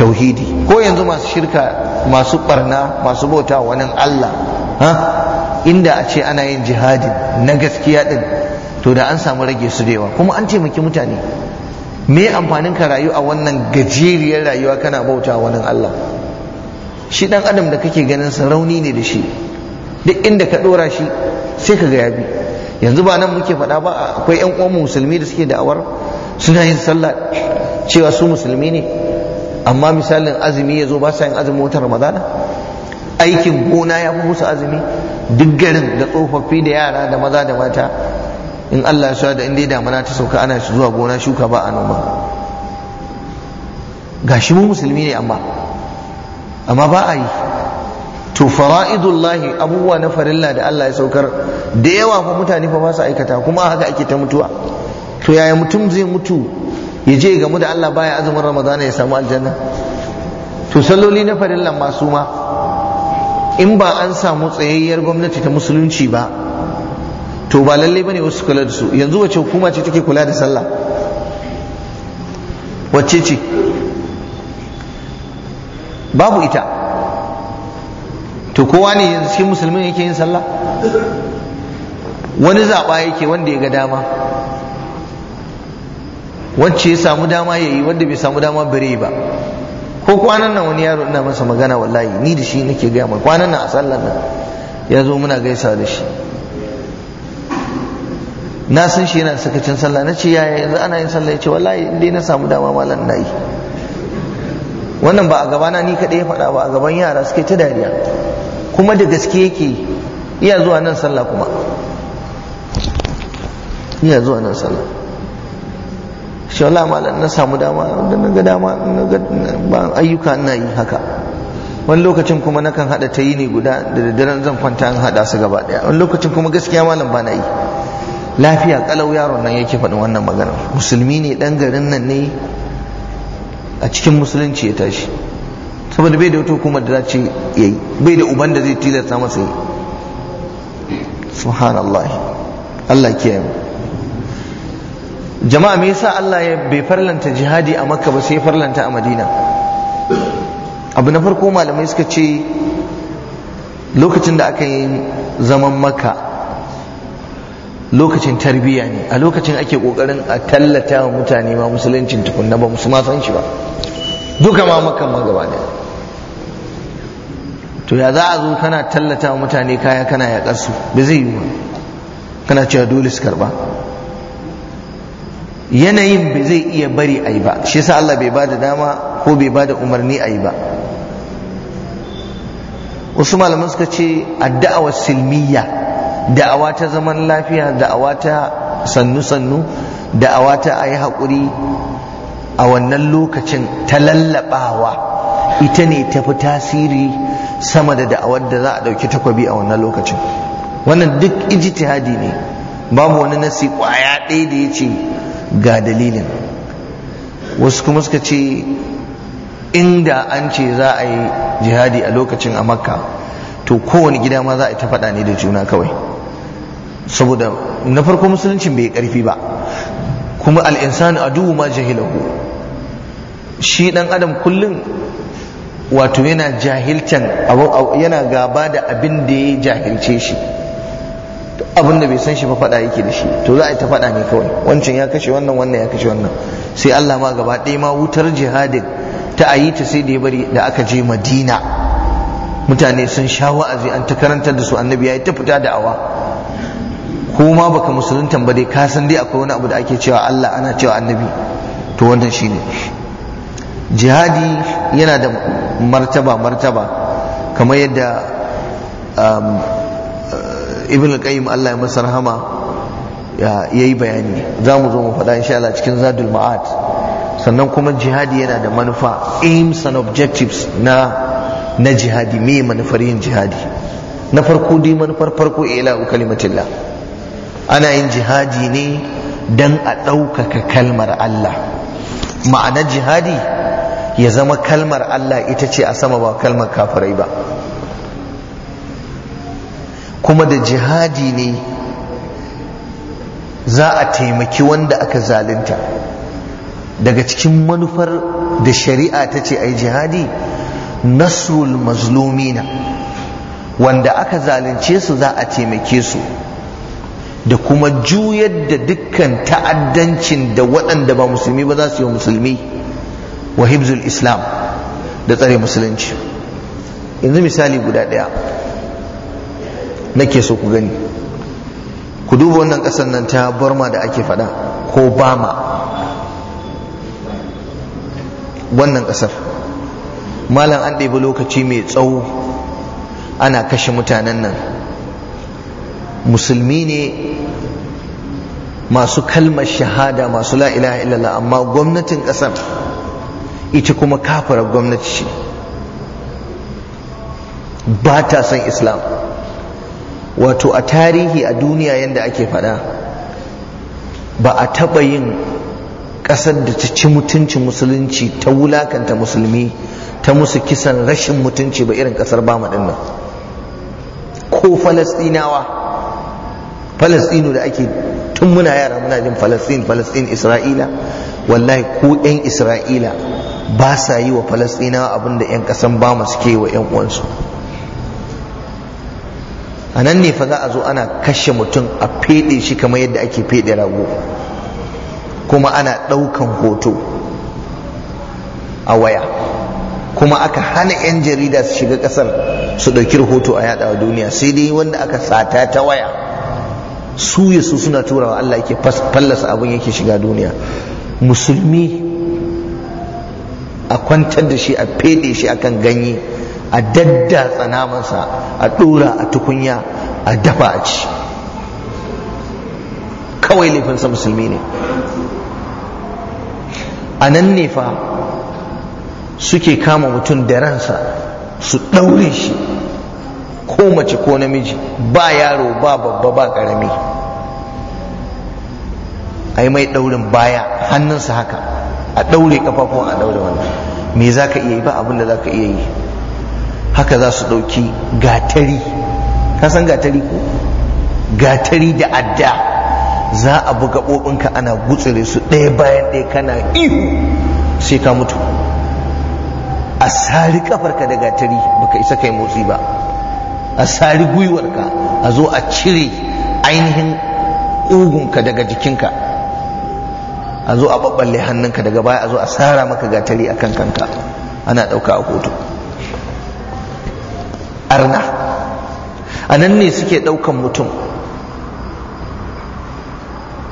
tauhidi ko yanzu masu shirka masu barna masu bauta wani Allah ha inda a ce ana yin jihadi na gaskiya din to da an samu rage su da yawa kuma an taimaki mutane me amfanin ka rayu a wannan gajeriyar rayuwa kana bauta wani Allah shi dan adam da kake ganin sa rauni ne da shi duk inda ka dora shi sai ka ga ya bi yanzu ba nan muke faɗa ba akwai yan uwan musulmi da suke da'awar suna yin sallah cewa su musulmi ne amma misalin azumi ya zo ba sa yin azumi wata ramadana aikin gona ya fi musu azumi duk garin da tsofaffi da yara da maza da mata in Allah ya da inda damana ta sauka ana zuwa gona shuka ba a noma gashi mu musulmi ne amma amma ba a yi to fara'idullahi abubuwa na farilla da Allah ya saukar da yawa fa mutane fa ba su aikata kuma haka ake ta mutuwa to yaya mutum zai mutu ya je gamu da Allah baya azumin ramadana ya samu aljanna to salloli na farillan masu ma in ba an samu tsayayyar gwamnati ta musulunci ba to ba lalle bane wasu kula da su yanzu wace hukuma ce take kula da sallah wacce ce babu ita to kowa ne yanzu cikin musulmin yake yin sallah wani zaɓa yake wanda ya ga dama wacce ya samu dama ya yi wanda bai samu dama bare ba ko kwanan nan wani yaro ina masa magana wallahi ni da shi nake gaya mai kwanan nan a sallar nan ya zo muna gaisa da shi na san shi yana sakacin sallah na ce yaya yanzu ana yin sallah ya ce wallahi in dai na samu dama malam na yi wannan ba a gabana ni kaɗai ya faɗa ba a gaban yara suke ta dariya kuma da gaske yake iya zuwa nan sallah kuma iya zuwa nan sallah shi Allah malam na samu dama da na ga dama ba ayyuka ina yi haka wani lokacin kuma na kan haɗa ta yi ne guda da daddaren zan kwanta an haɗa su gaba ɗaya wani lokacin kuma gaskiya malam ba na yi lafiya kalau yaron nan yake faɗin wannan maganar musulmi ne ɗan garin nan ne a cikin musulunci ya tashi saboda bai da wata hukumar da za ce ya yi bai da uban da zai tilasta masa yi subhanallah Allah kiyaye jama'a me yasa Allah ya bai farlanta jihadi a makka ba sai farlanta a madina abu na farko malamai suka ce lokacin da aka yi zaman makka lokacin tarbiyya ne a lokacin ake kokarin a tallata wa mutane ma musuluncin tukunna ba musu ma san shi ba duka ma makan ma gaba daya to ya za a zo kana tallata wa mutane kaya kana yaƙar su ba zai yi kana cewa dole su karba yanayin ba zai iya bari a yi ba shi yasa Allah bai ba da dama ko bai ba da umarni a yi ba wasu malaman suka ce addawa silmiya da'awa ta zaman lafiya da'awa ta sannu sannu da'awa ta ayi haƙuri a wannan lokacin ta lallabawa ita ne ta fi tasiri sama da da'awar da za a ɗauki takwabi a wannan lokacin wannan duk ijtihadi ne babu wani nasi kwaya ɗaya da ya ce ga dalilin wasu kuma suka ce inda an ce za a yi jihadi a lokacin a makka to kowane gida ma za a yi ta faɗa ne da juna kawai saboda na farko musulunci bai karfi ba kuma al'insani a duhu ma jahilahu shi ɗan adam kullum wato yana jahilcan yana gaba da abin da ya jahilce shi abin da bai san shi faɗa yake da shi to za a yi ta faɗa ne kawai wancan ya kashe wannan wannan ya kashe wannan sai Allah ma gaba ɗaya ma wutar jihadin ta a yi ta sai da ya bari da aka je Madina mutane sun sha wa'azi an ta karantar da su annabi ya yi ta fita da'awa ko ma baka musulun ba dai ka san dai akwai wani abu da ake cewa Allah ana cewa annabi to wannan shine jihadi yana da martaba martaba kamar yadda um, uh, ibn al-qayyim Allah ya masa rahama ya yi bayani za mu zo mu faɗa insha Allah cikin zadul ma'ad sannan kuma jihadi yana da manufa aims and objectives na na jihadi me manufar yin jihadi na farko dai manufar farko ila kalimatillah ana yin jihadi ne dan a ɗaukaka kalmar Allah ma'ana jihadi ya zama kalmar Allah ita ce a sama ba kalmar kafirai ba kuma da jihadi ne za a taimaki wanda aka zalunta daga cikin manufar da shari'a ta ce a jihadi nasrul mazlumina wanda aka zalunce su za a taimake su da kuma juyar da dukkan ta'addancin da waɗanda ba musulmi ba za su yi musulmi wa hibzul islam da tsare musulunci yanzu misali guda ɗaya nake so ku gani ku duba wannan ƙasar nan ta barma da ake faɗa ko bama wannan ƙasar malam an ɗebi lokaci mai tsawo ana kashe mutanen nan musulmi ne masu kalmar shahada masu la ilaha illallah amma gwamnatin ƙasar ita kuma kafarar gwamnati ce ba ta son islam wato a tarihi a duniya yadda ake faɗa ba a taɓa yin ƙasar da ta ci mutuncin musulunci ta wulakanta musulmi ta musu kisan rashin mutunci ba irin ƙasar ba dinnan ko falastinawa falastinu da ake tun muna yara muna jin falastin falastin isra'ila wallahi ko 'yan isra'ila ba sa yi wa falasina abin da 'yan kasan ba masu suke wa 'yan uwansu a nan ne fa za a zo ana kashe mutum a feɗe shi kamar yadda ake feɗe rago kuma ana ɗaukan hoto a waya kuma aka hana 'yan jarida su shiga ƙasar su ɗauki rahoto a yaɗawa duniya sai dai wanda aka sata ta waya su yasu suna turawa Allah yake fallasa abin yake shiga duniya musulmi a kwantar da shi a fede shi akan ganye a daddatsa namansa a ɗora a tukunya a dafa a ci kawai laifinsa musulmi ne a nan ne fa suke kama mutum da ransa su ɗaure shi ko mace ko namiji ba yaro ba babba ba ƙarami a yi mai ɗaurin baya hannunsa haka a ɗaure kafafun a daure wannan me za ka iya yi ba abin da za ka iya yi haka za su ɗauki gatari ka san gatari ko gatari da adda za a buga gaɓoɓinka ana gutsire su ɗaya bayan ɗaya kana ihu sai ka mutu a sari ƙafarka da gatari baka isa kai motsi ba a sari gwiwarka a zo a cire ainihin ugunka daga jikinka a zo a babballe hannunka daga baya a zo a sara maka gatari akan kanka ana ɗauka a kotu arna a nan ne suke ɗaukan mutum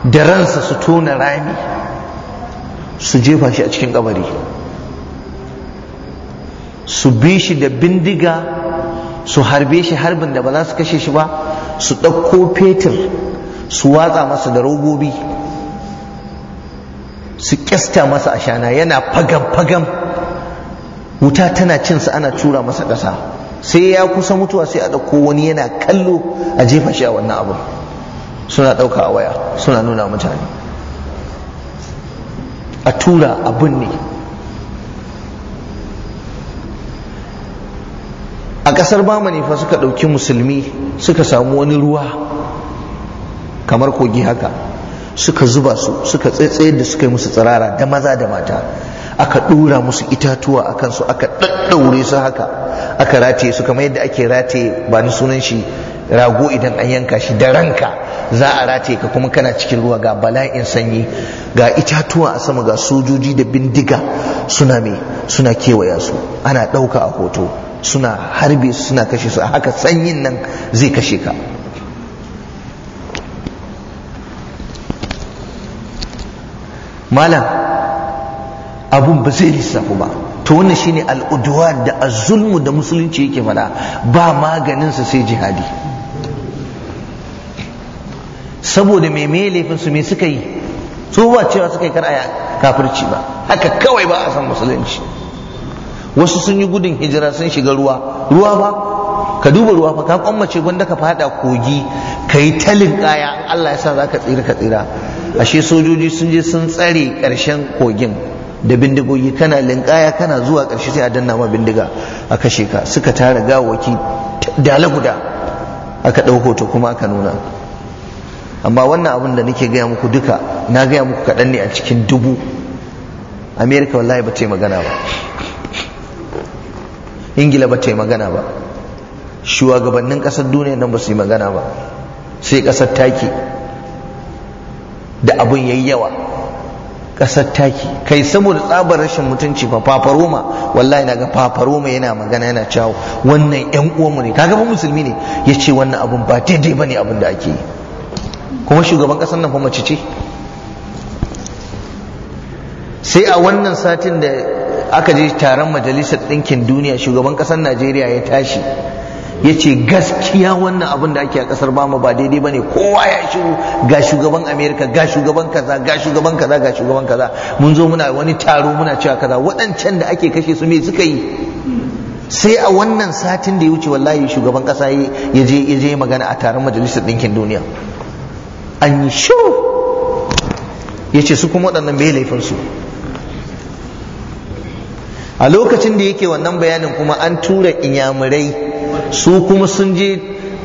da ransa su tona rami su jefa shi a cikin kabari su bi shi da bindiga su harbe shi harbin da ba za su kashe shi ba su ɗauko fetur su watsa masa da robobi su kyasta masa ashana yana fagam fagam wuta tana cin sa ana tura masa ƙasa sai ya kusa mutuwa sai a ɗauko wani yana kallo a jefa shi a wannan abun suna ɗauka a waya suna nuna mutane a tura abin ne a ƙasar bamani fa suka ɗauki musulmi suka samu wani ruwa kamar kogi haka suka zuba su suka tsetse da suka yi musu tsirara da maza da mata aka ɗora musu itatuwa a kansu aka ɗaɗɗaure su haka aka rataye su kamar yadda ake rataye ba ni sunan shi rago idan an yanka shi da ranka za a rataye ka kuma kana cikin ruwa ga bala'in sanyi ga itatuwa a sama ga sojoji da bindiga suna me suna kewaya su ana ɗauka a hoto suna harbe suna kashe su a haka sanyin nan zai kashe ka malam abun ba zai lissafu ba to wannan shine al'udwan da azulmu da musulunci yake fada ba maganinsa sai jihadi saboda me me laifin su me suka yi su ba cewa suka yi kar kafirci ba haka kawai ba a san musulunci wasu sun yi gudun hijira sun shiga ruwa ruwa ba ka duba ruwa fa ka kwammace gwanda ka fada kogi ka yi talin kaya Allah ya sa za ka tsira ka tsira ashe sojoji sun je sun tsare ƙarshen kogin da bindigogi kana linkaya kana zuwa karshe sai a danna ma bindiga a kashe ka suka tara gawaki dala guda aka ɗau hoto kuma aka nuna amma wannan abin da nake gaya muku duka na gaya muku kaɗan ne a cikin dubu america wallahi ba ta yi magana ba ingila ba ta yi magana ba shugabannin kasar duniya nan ba su yi magana ba sai ƙasar taki da abun yayi yawa ƙasar taki kai saboda tsabar rashin mutunci fa fafaroma wallahi na ga fafaroma yana magana yana cewa wannan ƴan uwanmu ne kaga ba musulmi ne ya ce wannan abun ba daidai bane abun da ake yi kuma shugaban ƙasar nan fa mace ce sai a wannan satin da aka je taron majalisar ɗinkin duniya shugaban ƙasar najeriya ya tashi ya ce gaskiya wannan abin da ake a kasar bamu ba daidai ba ne kowa ya shiru ga shugaban amerika ga shugaban kaza ga shugaban kaza ga shugaban kaza mun zo muna wani taro muna cewa kaza waɗancan da ake kashe su me suka yi sai a wannan satin da ya wuce wallahi shugaban kasa ya je ya je magana a taron majalisar ɗinkin duniya an yi shiru ya ce su kuma waɗannan bai laifin su a lokacin da yake wannan bayanin kuma an tura inyamurai su kuma sun je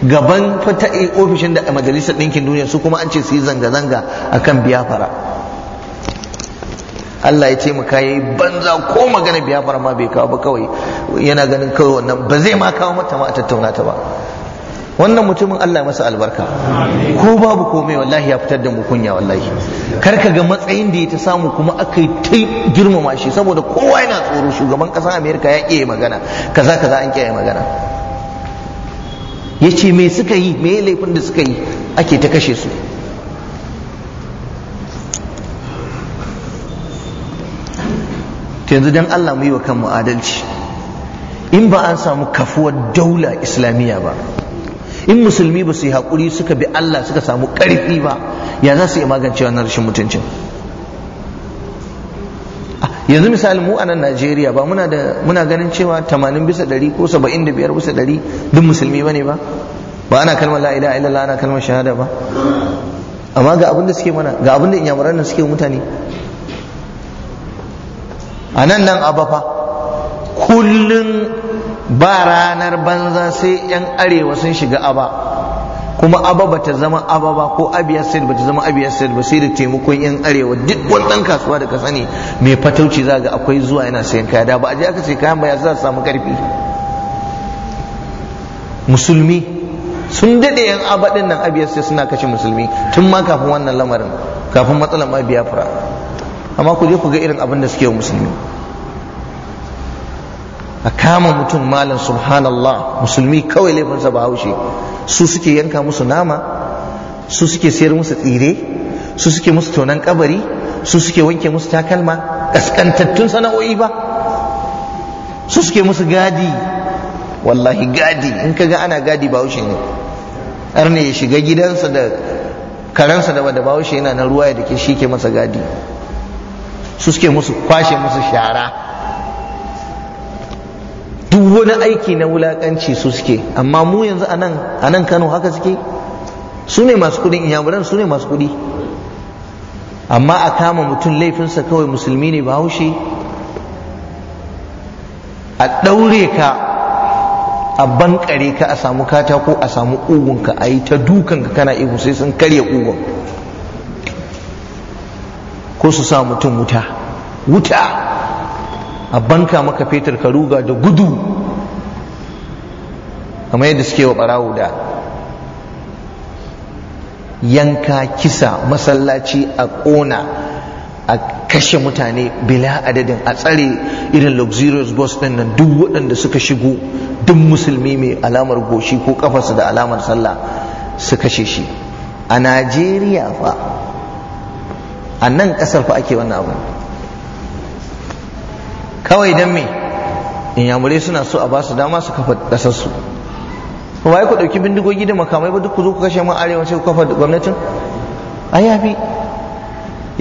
gaban fata eh, ofishin da majalisar ɗinkin duniya su kuma an ce su yi zanga-zanga a kan biyafara Allah ya ce mu kayi banza ko magana biyafara ma bai kawo ba kawai yana ganin kawai wannan ba zai ma kawo mata ma a tattauna ta ba wannan mutumin Allah masa albarka ko babu komai wallahi ya fitar da mu kunya wallahi kar ka ga matsayin da ya ta samu kuma aka yi ta girmama shi saboda kowa yana tsoro shugaban ƙasar Amerika ya iya magana kaza kaza an kiyaye magana ya ce me suka yi me laifin da suka yi ake ta kashe su yanzu don Allah mu yi wa kanmu adalci in ba an samu kafuwar daula islamiyya ba in musulmi ba su yi haƙuri suka bi Allah suka samu ƙarfi ba ya za su iya magance wannan rashin mutuncin yanzu misali mu a nan Najeriya ba muna da muna ganin cewa 80 bisa 100 ko 75 bisa 100 duk musulmi bane ba ba ana kalmar la ilaha illallah ana kalmar shahada ba amma ga abin da suke mana ga abin da inyamuran nan suke mutane a nan nan fa, kullun ba ranar banza sai yan arewa sun shiga aba kuma aba bata zama aba ba ko abiyar sayar bata zama abiya sayar ba sai da taimakon yan arewa duk wannan kasuwa da ka sani mai fatauci za ga akwai zuwa yana sayan kaya da ba a je aka ce kayan baya za su samu karfi musulmi sun dade yan aba din nan abiya sai suna kashe musulmi tun ma kafin wannan lamarin kafin matsalar ma biyafra amma ku je ku ga irin abin da suke musulmi a kama mutum malam subhanallah musulmi kawai laifinsa ba haushe su suke yanka musu nama su suke sayar musu tsire su suke musu tonan kabari su suke wanke musu takalma kaskantattun sana'o'i ba su suke musu gadi wallahi gadi in ka ga ana gadi baushe ne arne ya shiga gidansa da karansa da bada yana na ruwa da ke shi ke masa gadi su suke musu kwashe musu shara duk wani aiki na wulakanci su suke amma mu yanzu a nan kano haka suke su ne masu kudin inyamuran su ne masu kudi amma a kama mutum laifinsa kawai musulmi ne bahaushe a ɗaure ka a bankare ka a samu katako a samu ugunka a yi ta dukanka kana ihu sai sun karya ugun ko su sa mutum wuta wuta a banka maka fetur ka ruga da gudu kamar yadda suke wa ɓarawo da yanka kisa masallaci a ƙona a kashe mutane bila adadin a tsare irin luxurious bus ɗin nan duk waɗanda suka shigo duk musulmi mai alamar goshi ko kafarsa da alamar sallah su kashe shi a najeriya fa a nan ƙasar fa ake wannan abu kawai dan me inyamurai suna so a basu dama su kafa ƙasarsu Kuma ku ɗauki bindigogi da makamai ba duk ku zo ku kashe mu arewa sai ku kafa gwamnatin ai fi.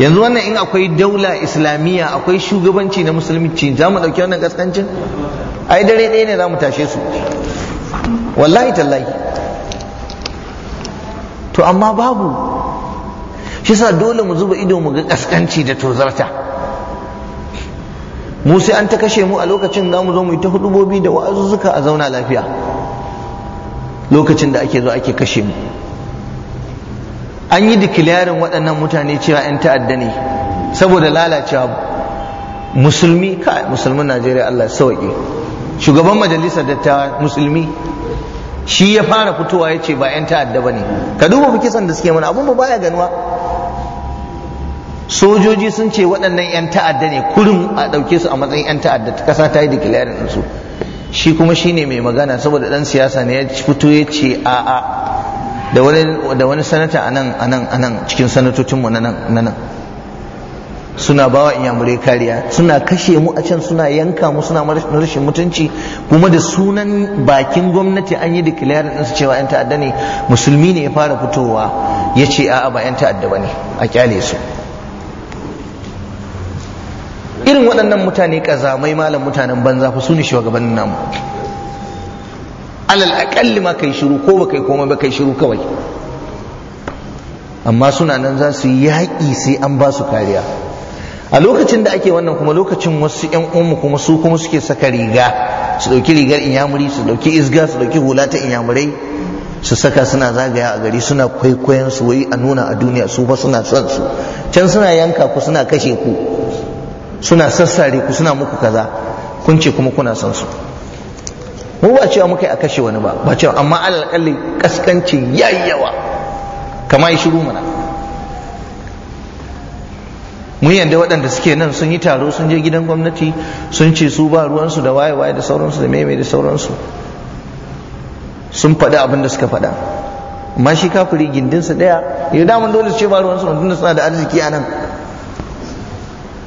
yanzu wannan in akwai daula islamiyya akwai shugabanci na musulunci za mu ɗauki wannan gaskancin ai dare ɗaya ne za mu tashe su wallahi tallahi to amma babu shi sa dole mu zuba ido mu ga kaskanci da tozarta mu sai an ta kashe mu a lokacin za mu zo mu yi ta hudubobi da wa'azuzzuka a zauna lafiya lokacin da ake zo ake kashe mu an yi dikilarin waɗannan mutane cewa 'yan ta'adda ne saboda lalacewa musulmi ka musulmin najeriya allah sauƙi shugaban majalisar dattawa musulmi shi ya fara fitowa ya ce ba 'yan ta'adda ba ne ka duba fi kisan da suke mana abun ba baya ganuwa sojoji sun ce waɗannan 'yan ta'adda ne kurin a ɗauke su a matsayin 'yan ta'adda ta ƙasa ta yi declaring su shi kuma shi ne mai magana saboda ɗan siyasa ne ya fito ya ce a'a da wani da wani sanata nan, a nan cikin sanatocinmu na nan nan suna bawa inyamurai kariya suna kashe mu a can suna yanka mu suna rashin mutunci kuma da sunan bakin gwamnati an yi declaring ɗinsu cewa 'yan ta'adda ne musulmi ne ya fara fitowa ya ce a'a ba 'yan ta'adda ba ne a kyale su irin waɗannan mutane kazamai malam mutanen banza fa su ne shugabannin namu alal aƙalli ma kai shiru ko ba kai komai ba kai shiru kawai amma suna nan za su yi yaƙi sai an ba su kariya a lokacin da ake wannan kuma lokacin wasu yan ummu kuma su kuma suke saka riga su ɗauki rigar inyamuri su ɗauki isga su ɗauki hula ta inyamurai su saka suna zagaya a gari suna kwaikwayon su wai a nuna a duniya su ba suna son su can suna yanka ku suna kashe ku suna sassare ku suna muku kaza kun ce kuma kuna son su mu ba cewa muka yi a kashe wani ba ba cewa amma alƙalli kaskancin yayyawa. kama yi shiru mana mun yadda waɗanda suke nan sun yi taro sun je gidan gwamnati sun ce su ba ruwansu da waye waye da sauransu da meme da sauransu sun faɗi abin da suka faɗa amma shi kafiri gindinsa ɗaya ya mun dole su ce ba ruwansu mutum suna da arziki a nan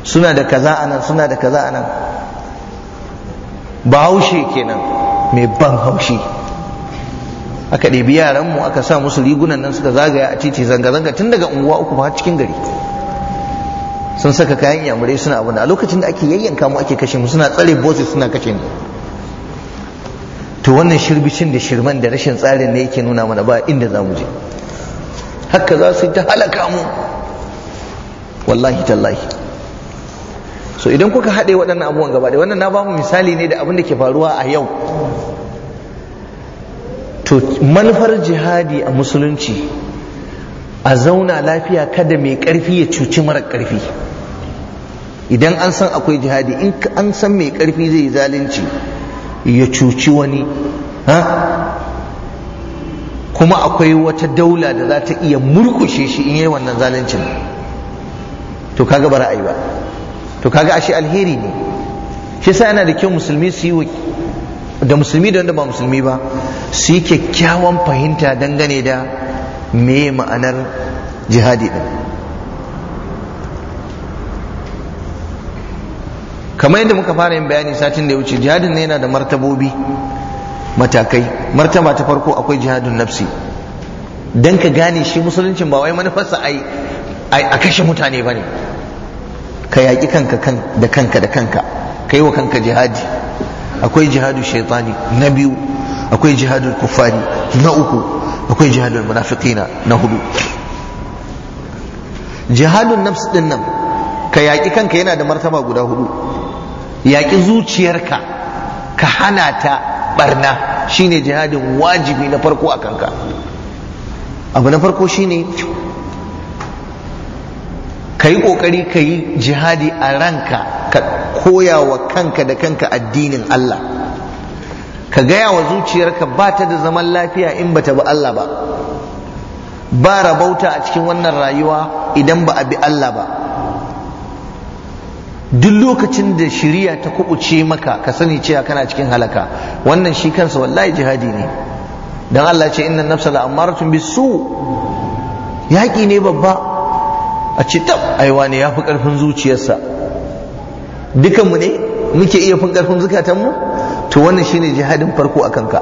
suna da kaza anan suna da kaza anan bahaushe kenan mai ban haushi aka ɗebi yaranmu aka sa musu rigunan nan suka zagaya a titi zanga-zanga tun daga unguwa uku ba cikin gari sun saka kayan yamurai suna abin a lokacin da ake yayyanka mu ake kashe mu suna tsare bose suna kashe mu to wannan shirbicin da shirman da rashin tsarin ne yake nuna mana ba inda za mu je haka za su yi ta halaka mu wallahi tallahi so idan kuka haɗe waɗannan abubuwan gaba ɗaya wannan na ba mu misali ne da abin da ke faruwa a yau to manufar jihadi a musulunci a zauna lafiya kada mai ƙarfi ya cuci mara ƙarfi idan an san akwai jihadi in an san mai ƙarfi zai yi zalunci ya cuci wani kuma akwai wata daula da za ta iya murkushe shi in yi wannan zaluncin to kaga ba ra'ayi ba to kaga ashe alheri ne shi sa yana da kyau musulmi su yi da musulmi da wanda ba musulmi ba su yi kyakkyawan fahimta dangane da me ma'anar jihadi din kamar yadda muka fara yin bayani satin da ya wuce jihadin ne yana da martabobi matakai martaba ta farko akwai jihadin nafsi dan ka gane shi musuluncin ba wai manufarsa a kashe mutane ba ne ka yaƙi kanka da kanka da kanka ka yi wa kanka jihadi akwai jihadu shaitani na biyu akwai jihadu kufari na uku akwai jihadu munafiqina na hudu jihadun nafs din nan ka yaƙi kanka yana da martaba guda hudu yaƙi zuciyarka ka hana ta barna shine jihadin wajibi na farko a kanka abu na farko shine ka yi ƙoƙari ka yi jihadi a ranka ka koya wa kanka da kanka addinin Allah ka gaya wa zuciyarka ba ta da zaman lafiya in bata bi Allah ba ba rabauta a cikin wannan rayuwa idan ba a bi Allah ba duk lokacin da shiriya ta kubuce maka ka sani cewa kana cikin halaka wannan shi kansa wallahi jihadi ne dan Allah ce inna nafsa la'amaratun bisu yaƙi ne babba a ce tab aiwa ne ya fi karfin zuciyarsa dukanmu ne muke iya fin karfin zukatanmu to wannan shine jihadin farko a kanka,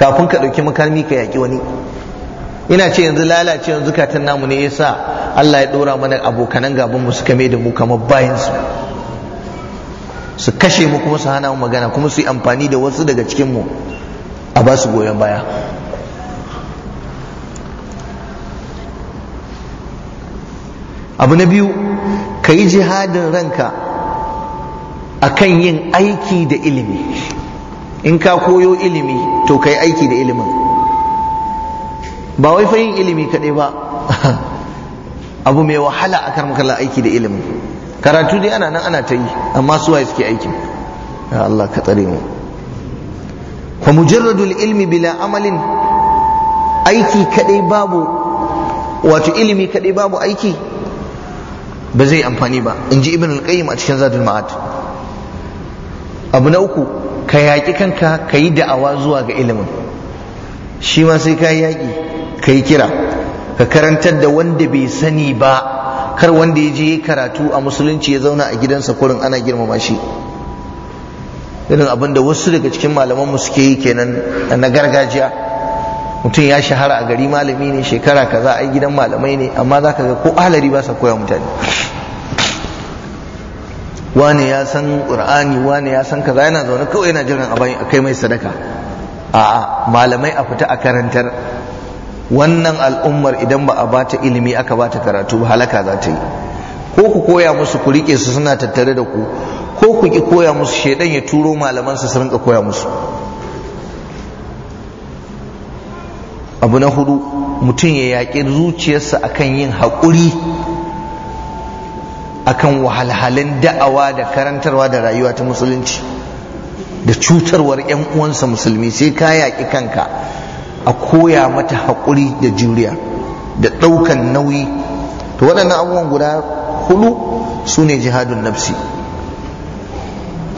kafin ka ɗauki makami ka yaƙi wani ina ce yanzu lalacewar zukatan namu ne yasa Allah ya ɗora mana abokanan gaban mu suka mai da mu kamar bayansu. su kashe mu kuma su hana mu magana kuma su yi amfani da wasu daga cikin mu a ba su goyon baya abu na biyu ka yi jihadin ranka akan yin aiki da ilimi in ka koyo ilimi to ka yi aiki da ilimin ba wai fa yin ilimi kaɗai ba abu mai wahala a karmakala aiki da ilimin karatu dai ana nan ana ta yi amma su suke aiki ya Allah ka tsare mu fa mujarradul ilmi bila amalin aiki kaɗai babu wato ilimi kaɗai babu aiki ba zai amfani ba in ji ibn al-qayyim a cikin zadul ma'ad abu na uku ka yaƙi kanka ka yi da'awa zuwa ga ilimin shi ma sai ka yi yaƙi ka yi kira ka karantar da wanda bai sani ba kar wanda ya je karatu a musulunci ya zauna a gidansa kurin ana girmama shi irin abinda wasu daga cikin mu suke yi kenan na gargajiya mutum ya shahara a gari malami ne shekara kaza ai gidan malamai ne amma za ka ga ko alari ba sa koya mutane wani ya san qur'ani wani ya san kaza yana zaune kawai yana jiran a kai mai sadaka a'a malamai a fita a karantar wannan al'ummar idan ba a ba ta ilimi aka ba ta karatu ba halaka za ta yi ko ku koya musu ku rike su suna tattare da ku ko ku ki koya musu shaidan ya turo malaman su rinka koya musu abu na hudu mutum ya yaƙi zuciyarsa akan yin haƙuri akan wahalhalin da'awa da karantarwa da rayuwa ta musulunci da cutarwar 'yan uwansa musulmi sai ka yaƙi kanka a koya mata haƙuri da juriya da ɗaukan nauyi to waɗannan abubuwan guda hudu su ne jihadun nafsi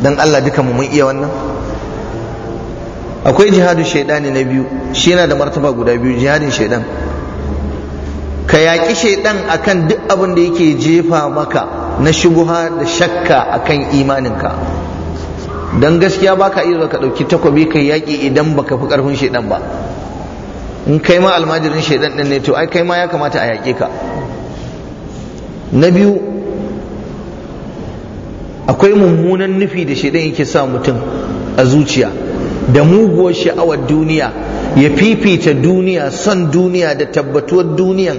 don allah duka mu iya wannan akwai jihadu shaidani na biyu shi yana da martaba guda biyu jihadin shaidan ka yaƙi shaidan akan duk abin da yake jefa maka na shubuha da shakka akan imaninka don gaskiya baka iya ka ɗauki takobi ka yaƙi idan baka fi ƙarfin shaidan ba in kai ma almajirin shaidan ɗin ne to ai kai ma ya kamata a yaƙe ka na biyu akwai mummunan nufi da shaidan yake sa mutum a zuciya da muguwar sha'awar duniya ya fifita duniya son duniya da tabbatuwar duniyan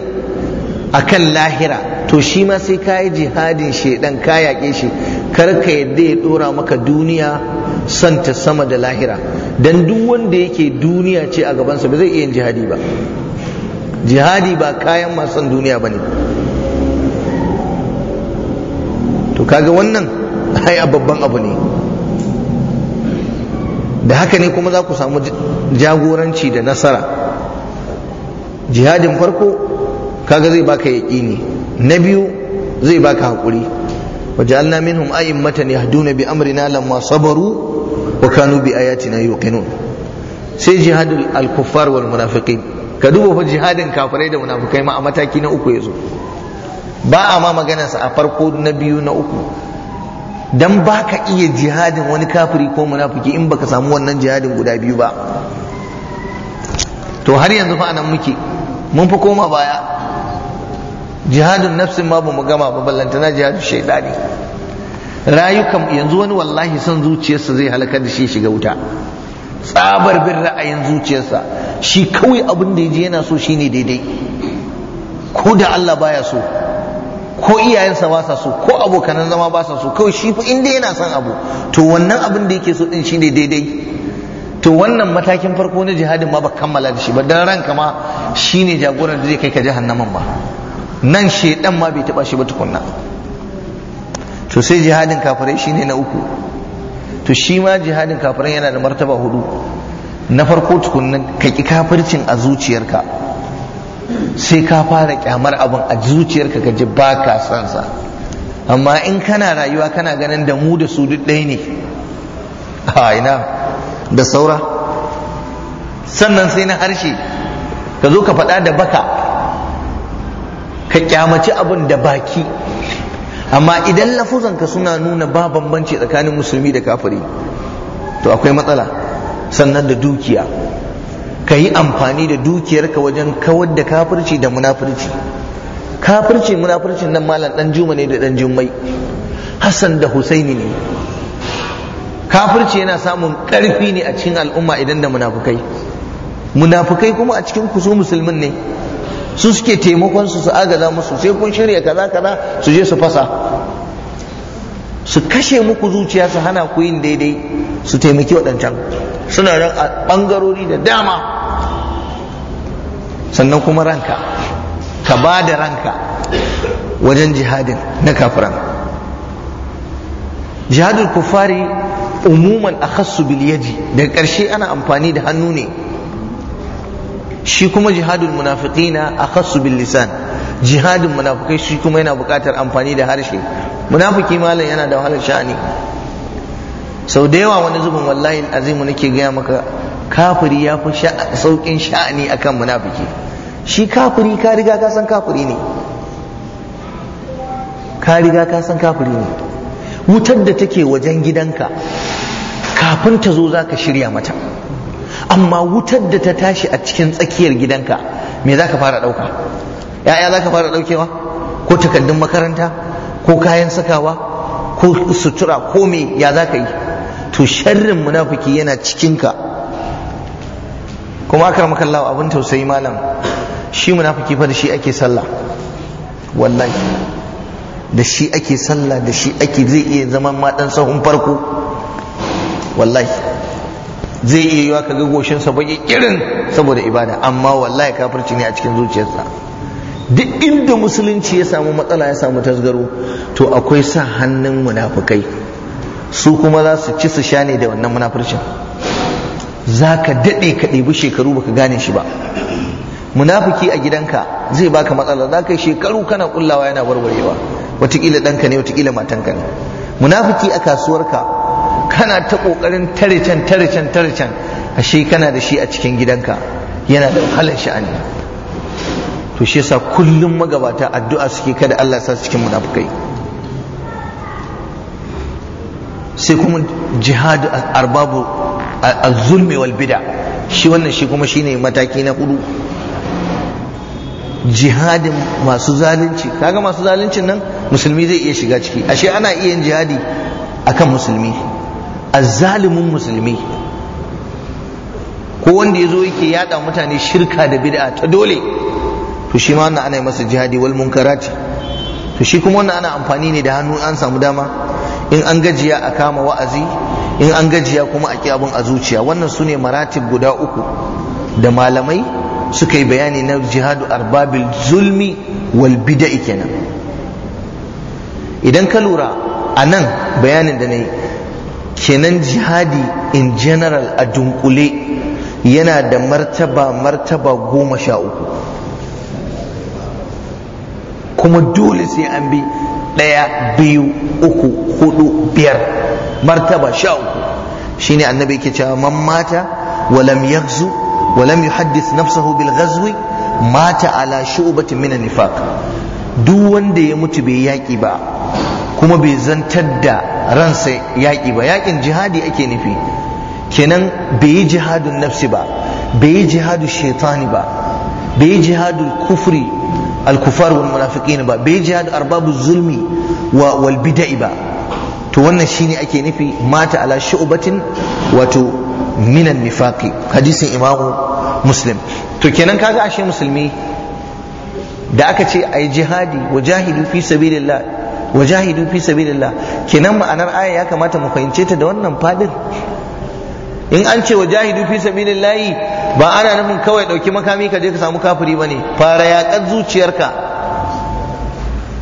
akan lahira to shi ma sai ka yi jihadin shaidan ka yaƙe shi kar ka yadda ya ɗora maka duniya son ta sama da lahira dan duk wanda yake duniya ce a gabansa ba zai iya jihadi ba jihadi ba kayan masan duniya ba ne to kaga wannan ai babban abu ne da haka ne kuma za ku samu jagoranci da nasara jihadin farko kaga zai baka yaƙini na biyu zai baka haƙuri وجعلنا منهم أئمة يهدون wa لما صبروا وكانوا بآياتنا يوقنون sai jihadul al wal munafiqin ka duba fa jihadin kafirai da munafikai ma a mataki na uku ya zo. ba a ma maganarsa a farko na biyu na uku dan baka iya jihadin wani kafiri ko munafiki in baka samu wannan jihadin guda biyu ba to har yanzu fa anan muke mun fi koma baya jihadin nafsin ma bamu gama ba na jihadin shaidani rayukan yanzu wani wallahi son zuciyarsa zai halakar da shi shiga wuta tsabar bin ra'ayin zuciyarsa shi kawai abin da ya ji yana so shine daidai ko da Allah baya so ko iyayensa ba sa so ko abokanan zama ba sa so kawai shi in dai yana son abu to wannan abin da yake so din shine daidai to wannan matakin farko na jihadin ma ba kammala da shi ba dan ranka ma shine jagoran da zai kai ka jahannaman ba nan shedan ma bai taba shi ba tukunna to sai jihadin kafirai shine na uku to shi ma jihadin kafirai yana da martaba hudu na farko tukunna ka ki kafircin a zuciyarka sai ka fara kyamar abin a zuciyarka ka ji ba ka san sa amma in kana rayuwa kana ganin da mu da su duk ɗaya ne a ina da saura sannan sai na harshe ka zo ka faɗa da baka ka kyamaci abin da baki amma idan lafuzanka suna nuna ba bambanci tsakanin musulmi da kafiri to akwai matsala sannan da dukiya ka yi amfani da dukiyarka wajen kawar da kafirci da munafurci kafirci munafircin nan malam dan juma ne da dan jummai hassan da husaini ne kafirci yana samun karfi ne a cikin al'umma idan da munafukai munafukai kuma a cikin kusu musulmin ne su suke taimakon su su agaza musu sai kun shirya kaza kaza su je su fasa su kashe muku zuciya su hana ku yin daidai su taimaki waɗancan suna nan a ɓangarori da dama sannan kuma ranka ka ba da ranka wajen jihadin na kafiran jihadul kufari umuman a khassu biliyaji daga ƙarshe ana amfani da hannu ne shi kuma jihadul na a khassu lisan jihadin munafikai shi kuma yana buƙatar amfani da harshe munafiki malam yana da wahalar sha'ani sau da yawa wani zubin wallahi azimu nake gaya maka kafiri ya fi sauƙin sha'ani akan munafiki shi kafiri ka riga ka san kafiri ne ka riga ka san kafiri ne wutar da take wajen gidanka kafin ta zo za ka shirya mata amma wutar da ta tashi a cikin tsakiyar gidanka me za ka fara ɗauka ya'ya za ka fara ɗaukewa ko takardun makaranta ko kayan sakawa ko sutura ko me ya za ka yi to sharrin munafiki yana cikinka kuma aka maka abin tausayi malam shi munafiki fa da shi ake sallah wallahi da shi ake sallah da shi ake zai iya zama ma dan sahun farko wallahi zai iya yiwa kaga goshin sa baki irin saboda ibada amma wallahi kafirci ne a cikin zuciyarsa duk inda musulunci ya samu matsala ya samu tasgaro to akwai sa hannun munafukai. su kuma za su ci su sha ne da wannan munafurcin za ka daɗe ka ɗebi shekaru baka gane shi ba Munafuki a gidanka zai baka matsala za ka yi shekaru kana kullawa yana warwarewa watakila ɗanka ne watakila matanka ne munafiki a kasuwarka kana ta ƙoƙarin tarican can tarican can tare kana da shi a cikin gidanka yana da wahalar sha'ani to shi yasa kullum magabata addu'a suke kada Allah ya sa su cikin munafukai. sai kuma jihad arbabu a zulmi wal bid'a shi wannan shi kuma shine mataki na hudu jihadin masu zalunci kaga masu zaluncin nan musulmi zai iya shiga ciki ashe ana iya yin jihadi akan musulmi azzalimin musulmi ko wanda ya zo yake yada mutane shirka da bid'a ta dole to shi ma wannan ana masa jihadi wal munkarati to shi kuma wannan ana amfani ne da hannu an samu dama in an gajiya a kama wa'azi in an gajiya kuma a abin a zuciya wannan su ne maratib guda uku da malamai suka yi bayani na jihadu arbabil zulmi wal bida'i kenan idan ka lura a nan bayanin da na yi kenan jihadi in general a dunkule yana da martaba martaba goma sha uku kuma dole sai an bi Daya biyu uku hudu biyar martaba sha uku shine annabi yake cewa man mata walam yaghzu walam yuhaddith nafsahu bil ghazwi mata ala shu'batin min nifaq duk wanda ya mutu bai yaki ba kuma bai zantar da ransa yaki ba yakin jihadi ake nufi kenan bai yi jihadun nafsi ba bai yi jihadu shaitani ba bai yi jihadul kufri al wani wal munafiqin ba bai jihad arbabu zulmi wa wal ba to wannan shine ake nufi mata ala shu'batin wato minan nifaqi hadisin imamu muslim to kenan kaga ashe musulmi da aka ce ayi jihadi wajahidu fi sabilillah wajahidu fi sabilillah kenan ma'anar aya ya kamata mu fahimce ta da wannan fadin in an ce wa fi sabilillah ba ana nufin kawai ɗauki makami ka je ka samu kafiri ba ne fara yaƙar zuciyarka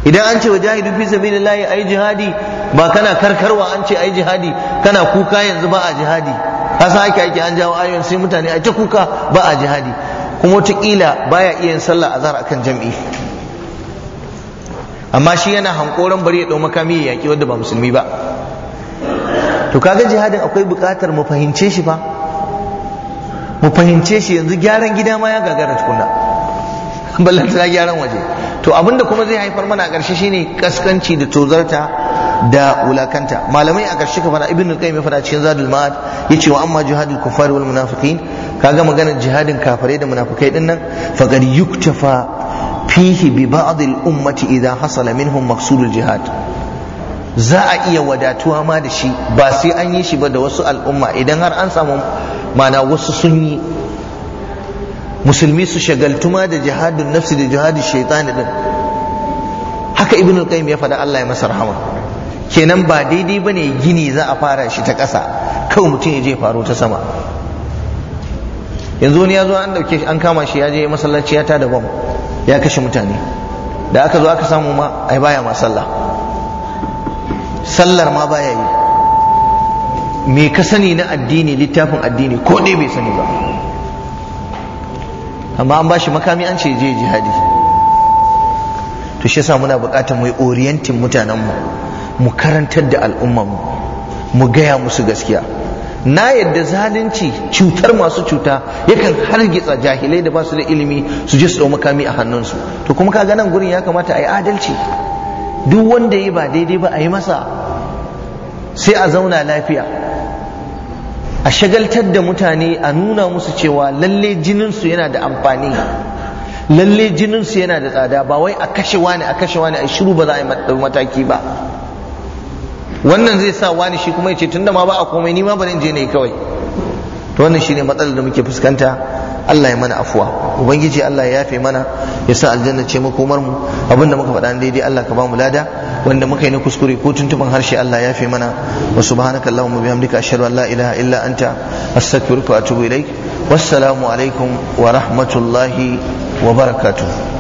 idan an ce wa jahidu fi sabilillahi ai jihadi ba kana karkarwa an ce ai jihadi kana kuka yanzu ba a jihadi kasa ake ake an jawo ayoyin sai mutane a ce kuka ba a jihadi kuma watakila baya iya yin sallah azhar akan jam'i amma shi yana hankoran bari ya ɗau makami ya yaƙi wanda ba musulmi ba to kaga jihadin akwai buƙatar mu fahimce shi fa mu fahimce shi yanzu gyaran gida ma ya gagara tukuna ballan ta gyaran waje to abinda kuma zai haifar mana a ƙarshe shine kaskanci da tozarta da wulakanta malamai a ƙarshe kamar ibn al-qayyim ya faɗa cikin zadul ma'ad yace wa amma jihadul kuffar wal munafiqin kaga maganar jihadin kafirai da munafikai din nan qad yuktafa fihi bi ba'd al-ummati idha hasala minhum al jihad za a iya wadatuwa ma da shi ba sai an yi shi ba da wasu al'umma idan har an samu mana wasu sun yi musulmi su shagaltuma da jihadun nafsi da jihadun shaitani din haka ibn al-qayyim ya faɗa Allah ya masa rahama kenan ba daidai bane gini za a fara shi ta ƙasa kawai mutum ya je faro ta sama yanzu wani ya zo an dauke an kama shi ya je masallaci ya tada bom ya kashe mutane da aka zo aka samu ma ai baya ma sallah sallar ma baya yi me ka sani na addini littafin addini ko dai bai sani ba amma an bashi makami an ce je jihadi to shi yasa muna buƙatar mu yi orientin mutanenmu mu karantar da al'ummarmu mu gaya musu gaskiya na yadda zalunci cutar masu cuta yakan hargitsa jahilai da ba su da ilimi su je su ɗau makami a hannunsu to kuma ka ganin gurin ya kamata a yi adalci duk wanda ya ba daidai ba a yi masa sai a zauna lafiya a shagaltar da mutane a nuna musu cewa lalle jininsu yana da amfani lalle jininsu yana da tsada ba wai a kashe wani a kashe wani a shiru ba za a yi mataki ba wannan zai sa wani shi kuma ya ce tunda ma ba a komai ni ma ba je ne kawai to wannan shine matsalar da muke fuskanta Allah ya mana afuwa ubangiji Allah ya yafe mana ya sa aljanna ce makomar mu abinda muka faɗa daidai Allah ka ba mu lada wanda muka yi na kuskure ko tuntuban harshe Allah ya fi mana wa subhanaka allahumma bihamdika ashhadu an la ilaha illa anta astaghfiruka wa atubu ilaik wassalamu alaikum wa rahmatullahi wa barakatuh